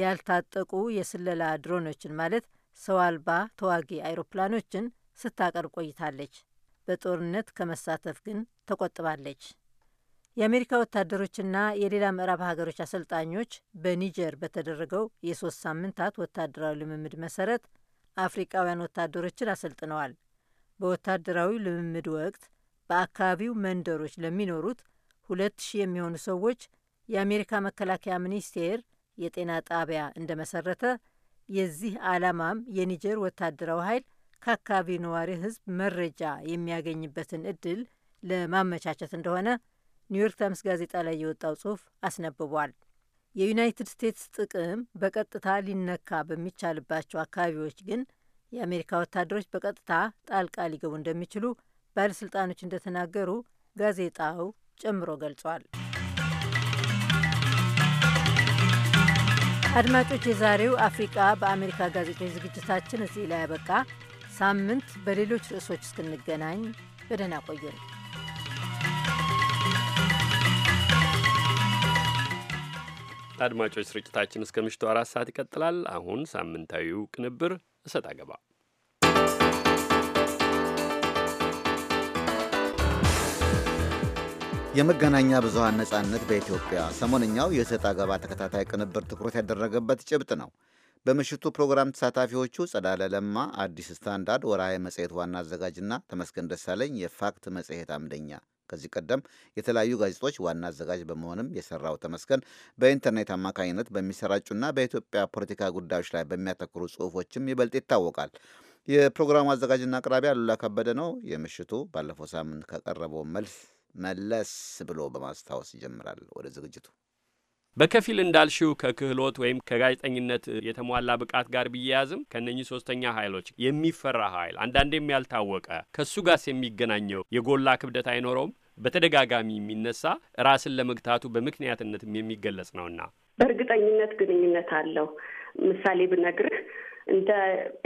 ያልታጠቁ የስለላ ድሮኖችን ማለት ሰው አልባ ተዋጊ አይሮፕላኖችን ስታቀርብ ቆይታለች። በጦርነት ከመሳተፍ ግን ተቆጥባለች። የአሜሪካ ወታደሮችና የሌላ ምዕራብ ሀገሮች አሰልጣኞች በኒጀር በተደረገው የሶስት ሳምንታት ወታደራዊ ልምምድ መሰረት አፍሪቃውያን ወታደሮችን አሰልጥነዋል። በወታደራዊ ልምምድ ወቅት በአካባቢው መንደሮች ለሚኖሩት ሁለት ሺህ የሚሆኑ ሰዎች የአሜሪካ መከላከያ ሚኒስቴር የጤና ጣቢያ እንደመሰረተ የዚህ ዓላማም የኒጀር ወታደራዊ ኃይል ከአካባቢው ነዋሪ ሕዝብ መረጃ የሚያገኝበትን እድል ለማመቻቸት እንደሆነ ኒውዮርክ ታይምስ ጋዜጣ ላይ የወጣው ጽሑፍ አስነብቧል። የዩናይትድ ስቴትስ ጥቅም በቀጥታ ሊነካ በሚቻልባቸው አካባቢዎች ግን የአሜሪካ ወታደሮች በቀጥታ ጣልቃ ሊገቡ እንደሚችሉ ባለሥልጣኖች እንደተናገሩ ጋዜጣው ጨምሮ ገልጿል። አድማጮች፣ የዛሬው አፍሪቃ በአሜሪካ ጋዜጦች ዝግጅታችን እዚህ ላይ ያበቃ። ሳምንት በሌሎች ርዕሶች እስክንገናኝ በደህና ቆዩን። አድማጮች ስርጭታችን እስከ ምሽቱ አራት ሰዓት ይቀጥላል። አሁን ሳምንታዊው ቅንብር እሰጥ አገባ የመገናኛ ብዙሃን ነጻነት በኢትዮጵያ ሰሞንኛው የእሰጥ አገባ ተከታታይ ቅንብር ትኩረት ያደረገበት ጭብጥ ነው። በምሽቱ ፕሮግራም ተሳታፊዎቹ ጸዳለ ለማ፣ አዲስ ስታንዳርድ ወርሃዊ መጽሔት ዋና አዘጋጅና ተመስገን ደሳለኝ የፋክት መጽሔት አምደኛ ከዚህ ቀደም የተለያዩ ጋዜጦች ዋና አዘጋጅ በመሆንም የሰራው ተመስገን በኢንተርኔት አማካኝነት በሚሰራጩና በኢትዮጵያ ፖለቲካ ጉዳዮች ላይ በሚያተኩሩ ጽሁፎችም ይበልጥ ይታወቃል። የፕሮግራሙ አዘጋጅና አቅራቢ አሉላ ከበደ ነው። የምሽቱ ባለፈው ሳምንት ከቀረበው መልስ መለስ ብሎ በማስታወስ ይጀምራል። ወደ ዝግጅቱ በከፊል እንዳልሽው ከክህሎት ወይም ከጋዜጠኝነት የተሟላ ብቃት ጋር ብያያዝም ከነኚህ ሶስተኛ ኃይሎች የሚፈራ ኃይል አንዳንዴም ያልታወቀ ከእሱ ጋርስ የሚገናኘው የጎላ ክብደት አይኖረውም? በተደጋጋሚ የሚነሳ ራስን ለመግታቱ በምክንያትነትም የሚገለጽ ነውና በእርግጠኝነት ግንኙነት አለው። ምሳሌ ብነግርህ እንደ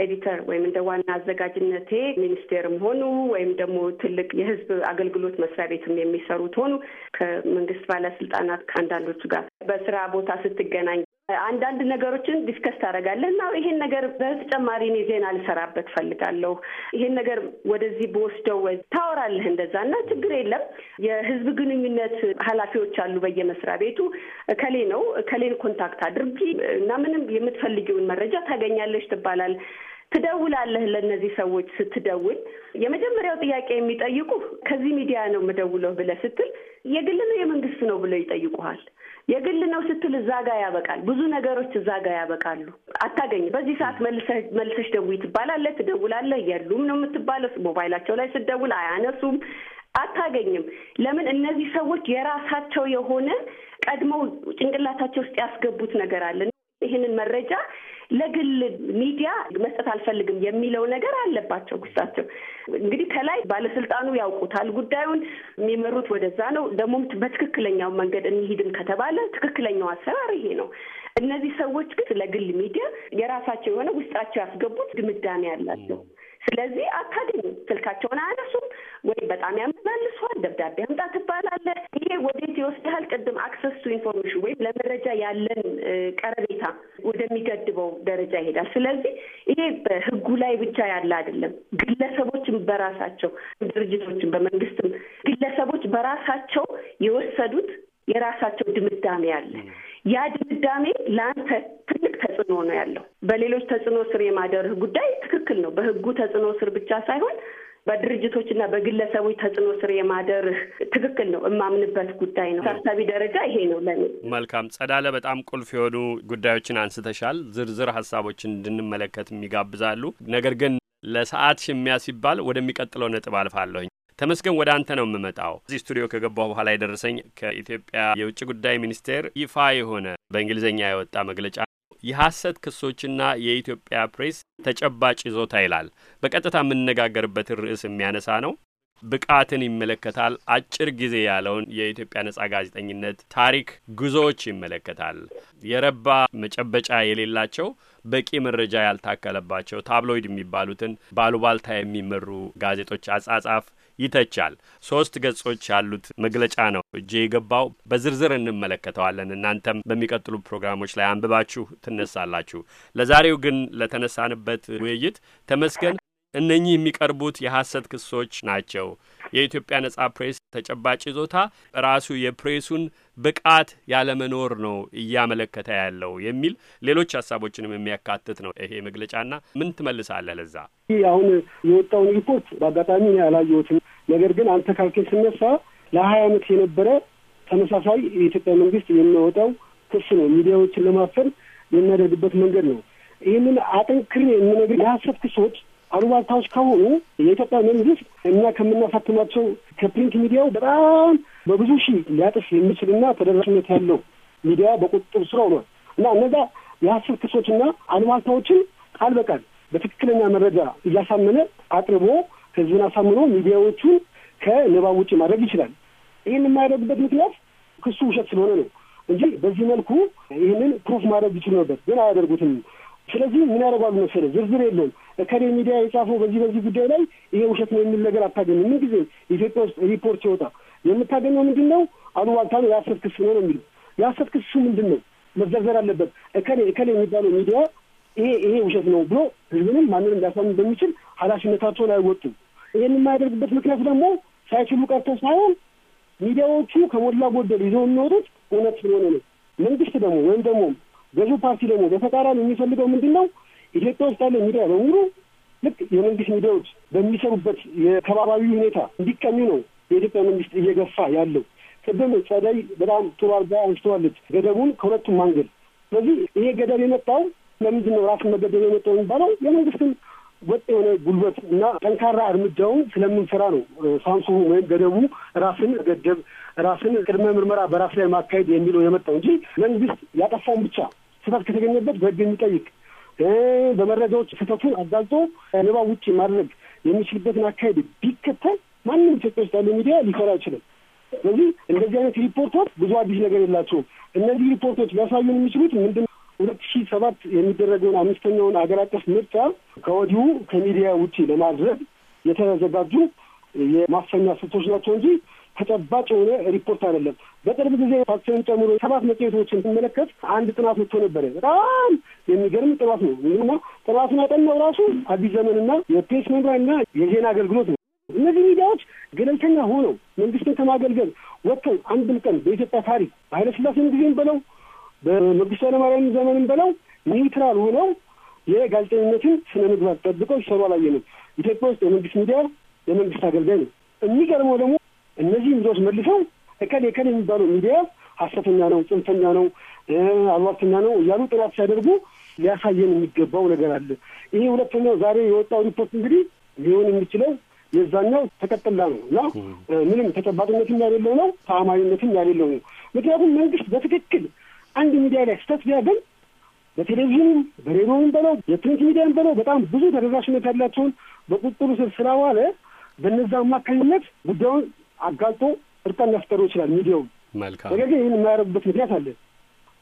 ኤዲተር ወይም እንደ ዋና አዘጋጅነቴ ሚኒስቴርም ሆኑ ወይም ደግሞ ትልቅ የሕዝብ አገልግሎት መስሪያ ቤትም የሚሰሩት ሆኑ ከመንግስት ባለስልጣናት ከአንዳንዶቹ ጋር በስራ ቦታ ስትገናኝ አንዳንድ ነገሮችን ዲስከስ ታደርጋለህ እና ይሄን ነገር በተጨማሪ እኔ ዜና ልሰራበት ፈልጋለሁ፣ ይሄን ነገር ወደዚህ በወስደው ታወራለህ እንደዛ እና ችግር የለም። የህዝብ ግንኙነት ኃላፊዎች አሉ በየመስሪያ ቤቱ። እከሌ ነው እከሌን ኮንታክት አድርጊ እና ምንም የምትፈልጊውን መረጃ ታገኛለች ትባላል። ትደውላለህ። ለእነዚህ ሰዎች ስትደውል የመጀመሪያው ጥያቄ የሚጠይቁ ከዚህ ሚዲያ ነው የምደውለው ብለህ ስትል የግል ነው የመንግስት ነው ብለው ይጠይቁሃል። የግል ነው ስትል እዛ ጋር ያበቃል። ብዙ ነገሮች እዛ ጋር ያበቃሉ። አታገኝ በዚህ ሰዓት መልሰሽ ደውይ ትባላለ፣ ትደውላለህ፣ የሉም ነው የምትባለው። ሞባይላቸው ላይ ስደውል አያነሱም፣ አታገኝም። ለምን? እነዚህ ሰዎች የራሳቸው የሆነ ቀድመው ጭንቅላታቸው ውስጥ ያስገቡት ነገር አለ። ይህንን መረጃ ለግል ሚዲያ መስጠት አልፈልግም የሚለው ነገር አለባቸው ጉሳቸው እንግዲህ ከላይ ባለስልጣኑ ያውቁታል ጉዳዩን፣ የሚመሩት ወደዛ ነው። ደግሞም በትክክለኛው መንገድ እንሂድም ከተባለ ትክክለኛው አሰራር ይሄ ነው። እነዚህ ሰዎች ግን ለግል ሚዲያ የራሳቸው የሆነ ውስጣቸው ያስገቡት ድምዳሜ አላቸው። ስለዚህ አካዴሚ ስልካቸውን አያነሱም ወይ በጣም ያመላልሷል። ደብዳቤ አምጣ ትባላለህ። ይሄ ወዴት ይወስድሃል? ቅድም አክሰስ ቱ ኢንፎርሜሽን ወይም ለመረጃ ያለን ቀረቤታ ወደሚገድበው ደረጃ ይሄዳል። ስለዚህ ይሄ በህጉ ላይ ብቻ ያለ አይደለም። ግለሰቦችም በራሳቸው ድርጅቶችም፣ በመንግስትም ግለሰቦች በራሳቸው የወሰዱት የራሳቸው ድምዳሜ አለ። ያ ድምዳሜ ለአንተ ትልቅ ተጽዕኖ ነው ያለው። በሌሎች ተጽዕኖ ስር የማደርህ ጉዳይ ትክክል ነው። በህጉ ተጽዕኖ ስር ብቻ ሳይሆን በድርጅቶችና በግለሰቦች ተጽዕኖ ስር የማደርህ ትክክል ነው እማምንበት ጉዳይ ነው። ታሳቢ ደረጃ ይሄ ነው ለኔ። መልካም ጸዳለ፣ በጣም ቁልፍ የሆኑ ጉዳዮችን አንስተሻል። ዝርዝር ሀሳቦችን እንድንመለከት የሚጋብዛሉ። ነገር ግን ለሰዓት ሽሚያ ሲባል ወደሚቀጥለው ነጥብ አልፋለሁኝ። ተመስገን ወደ አንተ ነው የምመጣው። እዚህ ስቱዲዮ ከገባሁ በኋላ የደረሰኝ ከኢትዮጵያ የውጭ ጉዳይ ሚኒስቴር ይፋ የሆነ በእንግሊዝኛ የወጣ መግለጫ የሐሰት ክሶችና የኢትዮጵያ ፕሬስ ተጨባጭ ይዞታ ይላል። በቀጥታ የምንነጋገርበትን ርዕስ የሚያነሳ ነው። ብቃትን ይመለከታል። አጭር ጊዜ ያለውን የኢትዮጵያ ነጻ ጋዜጠኝነት ታሪክ ጉዞዎች ይመለከታል። የረባ መጨበጫ የሌላቸው በቂ መረጃ ያልታከለባቸው ታብሎይድ የሚባሉትን ባሉባልታ የሚመሩ ጋዜጦች አጻጻፍ ይተቻል። ሶስት ገጾች ያሉት መግለጫ ነው እጄ የገባው። በዝርዝር እንመለከተዋለን። እናንተም በሚቀጥሉ ፕሮግራሞች ላይ አንብባችሁ ትነሳላችሁ። ለዛሬው ግን ለተነሳንበት ውይይት ተመስገን እነኚህ የሚቀርቡት የሐሰት ክሶች ናቸው። የኢትዮጵያ ነጻ ፕሬስ ተጨባጭ ይዞታ ራሱ የፕሬሱን ብቃት ያለመኖር ነው እያመለከተ ያለው የሚል ሌሎች ሀሳቦችንም የሚያካትት ነው ይሄ መግለጫና ምን ትመልሳለህ? ለዛ ይህ አሁን የወጣውን ሪፖርት በአጋጣሚ ያላየሁትም፣ ነገር ግን አንተ ካልከኝ ስነሳ ለሀያ አመት የነበረ ተመሳሳይ የኢትዮጵያ መንግስት የሚያወጣው ክስ ነው። ሚዲያዎችን ለማፈን የሚያደርግበት መንገድ ነው። ይህንን አጠንክሬ የምነግርህ የሀሰት ክሶች አሉባልታዎች ከሆኑ የኢትዮጵያ መንግስት እኛ ከምናሳትማቸው ከፕሪንት ሚዲያው በጣም በብዙ ሺህ ሊያጥፍ የሚችልና ተደራሽነት ያለው ሚዲያ በቁጥጥር ስር ሆኗል እና እነዛ የሀሰት ክሶችና አሉባልታዎችን ቃል በቃል በትክክለኛ መረጃ እያሳመነ አቅርቦ ህዝብን አሳምኖ ሚዲያዎቹን ከንባብ ውጭ ማድረግ ይችላል። ይህን የማያደርጉበት ምክንያት ክሱ ውሸት ስለሆነ ነው እንጂ በዚህ መልኩ ይህንን ፕሩፍ ማድረግ ይችሉ ነበር፣ ግን አያደርጉትም። ስለዚህ ምን ያደርጓሉ መሰለህ? ዝርዝር የለውም ከኔ ሚዲያ የጻፈው በዚህ በዚህ ጉዳይ ላይ ይሄ ውሸት ነው የሚል ነገር አታገኝ። ምን ጊዜ ኢትዮጵያ ውስጥ ሪፖርት ሲወጣ የምታገኘው ምንድን ነው? አሉባልታ ነው፣ የሀሰት ክስ ነው ነው የሚሉ የሀሰት ክሱ ምንድን ነው መዘርዘር አለበት። እከሌ እከሌ የሚባለው ሚዲያ ይሄ ይሄ ውሸት ነው ብሎ ህዝብንም ማንንም ሊያሳምን በሚችል ኃላፊነታቸውን አይወጡም። ይህን የማያደርግበት ምክንያት ደግሞ ሳይችሉ ቀርቶ ሳይሆን ሚዲያዎቹ ከሞላ ጎደል ይዘው የሚወጡት እውነት ስለሆነ ነው። መንግስት ደግሞ ወይም ደግሞ ገዢው ፓርቲ ደግሞ በተቃራኒ የሚፈልገው ምንድን ነው? ኢትዮጵያ ውስጥ ያለ ሚዲያ በሙሉ ልክ የመንግስት ሚዲያዎች በሚሰሩበት የተባባቢ ሁኔታ እንዲቀኙ ነው የኢትዮጵያ መንግስት እየገፋ ያለው። ቅድም ጸደይ በጣም ጥሩ አርጋ አንስተዋለች ገደቡን ከሁለቱም አንግል። ስለዚህ ይሄ ገደብ የመጣው ለምንድን ነው ራስን መገደብ የመጣው የሚባለው የመንግስትን ወጥ የሆነ ጉልበት እና ጠንካራ እርምጃውን ስለምንሰራ ነው። ሳንሱ ወይም ገደቡ ራስን ገደብ፣ ራስን ቅድመ ምርመራ በራስ ላይ ማካሄድ የሚለው የመጣው እንጂ መንግስት ያጠፋውን ብቻ ስህተት ከተገኘበት በህግ የሚጠይቅ በመረጃዎች ስህተቱን አጋልጦ ንባ ውጭ ማድረግ የሚችልበትን አካሄድ ቢከተል ማንም ኢትዮጵያ ውስጥ ያለ ሚዲያ ሊሰራ አይችልም። ስለዚህ እንደዚህ አይነት ሪፖርቶች ብዙ አዲስ ነገር የላቸውም። እነዚህ ሪፖርቶች ሊያሳዩን የሚችሉት ምንድን ሁለት ሺ ሰባት የሚደረገውን አምስተኛውን አገር አቀፍ ምርጫ ከወዲሁ ከሚዲያ ውጭ ለማድረግ የተዘጋጁ የማፈኛ ስልቶች ናቸው እንጂ ተጨባጭ የሆነ ሪፖርት አይደለም። በቅርብ ጊዜ ፋክቸርን ጨምሮ ሰባት መጽሔቶችን ስመለከት አንድ ጥናት ወጥቶ ነበረ። በጣም የሚገርም ጥናት ነው። ወይም ጥናቱን ያጠናው ራሱ አዲስ ዘመንና የፕሬስ መምሪያና የዜና አገልግሎት ነው። እነዚህ ሚዲያዎች ገለልተኛ ሆነው መንግስትን ከማገልገል ወጥተው አንድም ቀን በኢትዮጵያ ታሪክ በኃይለስላሴም ጊዜም በለው በመንግስቱ ኃይለማርያም ዘመንም በለው ኒውትራል ሆነው የጋዜጠኝነትን ስነ ምግባር ጠብቀው ሲሰሩ አላየንም። ኢትዮጵያ ውስጥ የመንግስት ሚዲያ የመንግስት አገልጋይ ነው። የሚገርመው ደግሞ እነዚህ ሚዲያዎች መልሰው እከሌ እከሌ የሚባለው ሚዲያ ሀሰተኛ ነው፣ ጽንፈኛ ነው፣ አሏርተኛ ነው እያሉ ጥናት ሲያደርጉ ሊያሳየን የሚገባው ነገር አለ። ይሄ ሁለተኛው ዛሬ የወጣው ሪፖርት እንግዲህ ሊሆን የሚችለው የዛኛው ተቀጥላ ነው እና ምንም ተጨባጭነትም ያሌለው ነው፣ ተአማኝነትም ያሌለው ነው። ምክንያቱም መንግስት በትክክል አንድ ሚዲያ ላይ ስህተት ቢያገኝ በቴሌቪዥንም በሬዲዮም በለው የፕሪንት ሚዲያም በለው በጣም ብዙ ተደራሽነት ያላቸውን በቁጥሩ ስር ስላዋለ በነዛ አማካኝነት ጉዳዩን አጋልጦ እርቀን ሊያስጠሩ ይችላል ሚዲያውም። መልካም። ነገር ግን ይህን የማያደርጉበት ምክንያት አለ።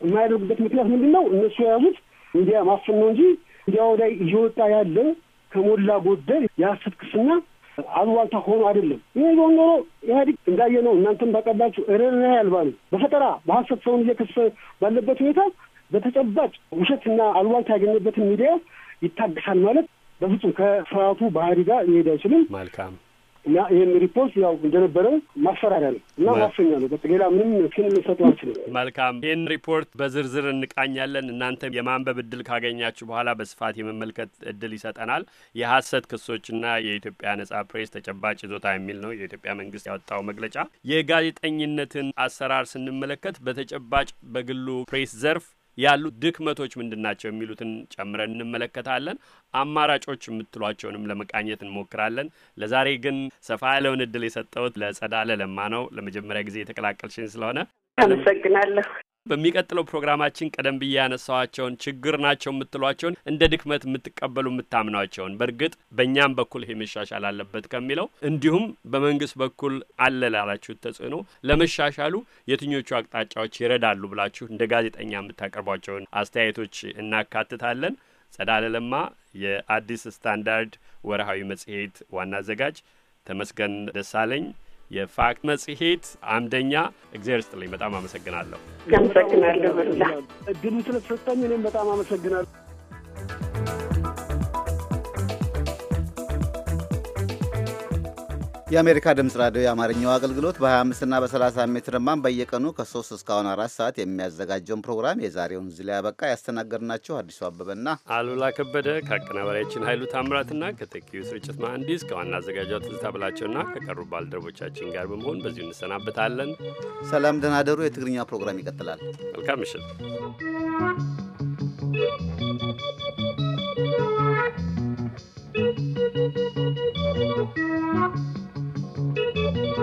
የማያደርጉበት ምክንያት ምንድን ነው? እነሱ የያዙት ሚዲያ ማፍን ነው እንጂ ሚዲያው ላይ እየወጣ ያለ ከሞላ ጎደል የሐሰት ክስና አሉባልታ ሆኖ አይደለም። ይህ ዞን ኖሮ ኢህአዲግ እንዳየ ነው። እናንተም ባቀባችሁ እርርና ያልባሉ በፈጠራ በሐሰት ሰውን እየከሰ ባለበት ሁኔታ በተጨባጭ ውሸትና አሉባልታ ያገኘበትን ሚዲያ ይታገሳል ማለት በፍጹም ከስርዓቱ ባህሪ ጋር ሊሄድ አይችልም። መልካም እና ይህን ሪፖርት ያው እንደነበረ ማፈራሪያ ነው እና ማፈኛ ነው። በቃ ሌላ ምንም ክን ልንሰጠው አልችልም። መልካም፣ ይህን ሪፖርት በዝርዝር እንቃኛለን። እናንተ የማንበብ እድል ካገኛችሁ በኋላ በስፋት የመመልከት እድል ይሰጠናል። የሀሰት ክሶችና የኢትዮጵያ ነጻ ፕሬስ ተጨባጭ ይዞታ የሚል ነው የኢትዮጵያ መንግስት ያወጣው መግለጫ። የጋዜጠኝነትን አሰራር ስንመለከት በተጨባጭ በግሉ ፕሬስ ዘርፍ ያሉ ድክመቶች ምንድን ናቸው የሚሉትን ጨምረን እንመለከታለን። አማራጮች የምትሏቸውንም ለመቃኘት እንሞክራለን። ለዛሬ ግን ሰፋ ያለውን እድል የሰጠሁት ለጸዳለ ለማ ነው። ለመጀመሪያ ጊዜ የተቀላቀልሽን ስለሆነ አመሰግናለሁ። በሚቀጥለው ፕሮግራማችን ቀደም ብዬ ያነሳዋቸውን ችግር ናቸው የምትሏቸውን እንደ ድክመት የምትቀበሉ የምታምኗቸውን በእርግጥ በእኛም በኩል ይሄ መሻሻል አለበት ከሚለው እንዲሁም በመንግስት በኩል አለ ላላችሁት ተጽዕኖ ለመሻሻሉ የትኞቹ አቅጣጫዎች ይረዳሉ ብላችሁ እንደ ጋዜጠኛ የምታቀርቧቸውን አስተያየቶች እናካትታለን። ጸዳለ ለማ የአዲስ ስታንዳርድ ወርሃዊ መጽሔት ዋና አዘጋጅ፣ ተመስገን ደሳለኝ የፋክት መጽሔት አምደኛ እግዚአብሔር ስጥልኝ። በጣም አመሰግናለሁ። አመሰግናለሁ። እድሉ ስለተሰጠኝ እኔም በጣም አመሰግናለሁ። የአሜሪካ ድምፅ ራዲዮ የአማርኛው አገልግሎት በ 25 እና በ30 ሜትር ማን በየቀኑ ከ3 እስካሁን አራት ሰዓት የሚያዘጋጀውን ፕሮግራም የዛሬውን እዚህ ላይ ያበቃ። ያስተናገድናችሁ አዲሱ አበበና አሉላ ከበደ ከአቀናባሪያችን ኃይሉ ታምራትና ከተኪዩ ስርጭት መሐንዲስ ከዋና አዘጋጇ ትዝታ ብላቸውና ከቀሩ ባልደረቦቻችን ጋር በመሆን በዚሁ እንሰናበታለን። ሰላም ደናደሩ። የትግርኛ ፕሮግራም ይቀጥላል። መልካም ምሽት።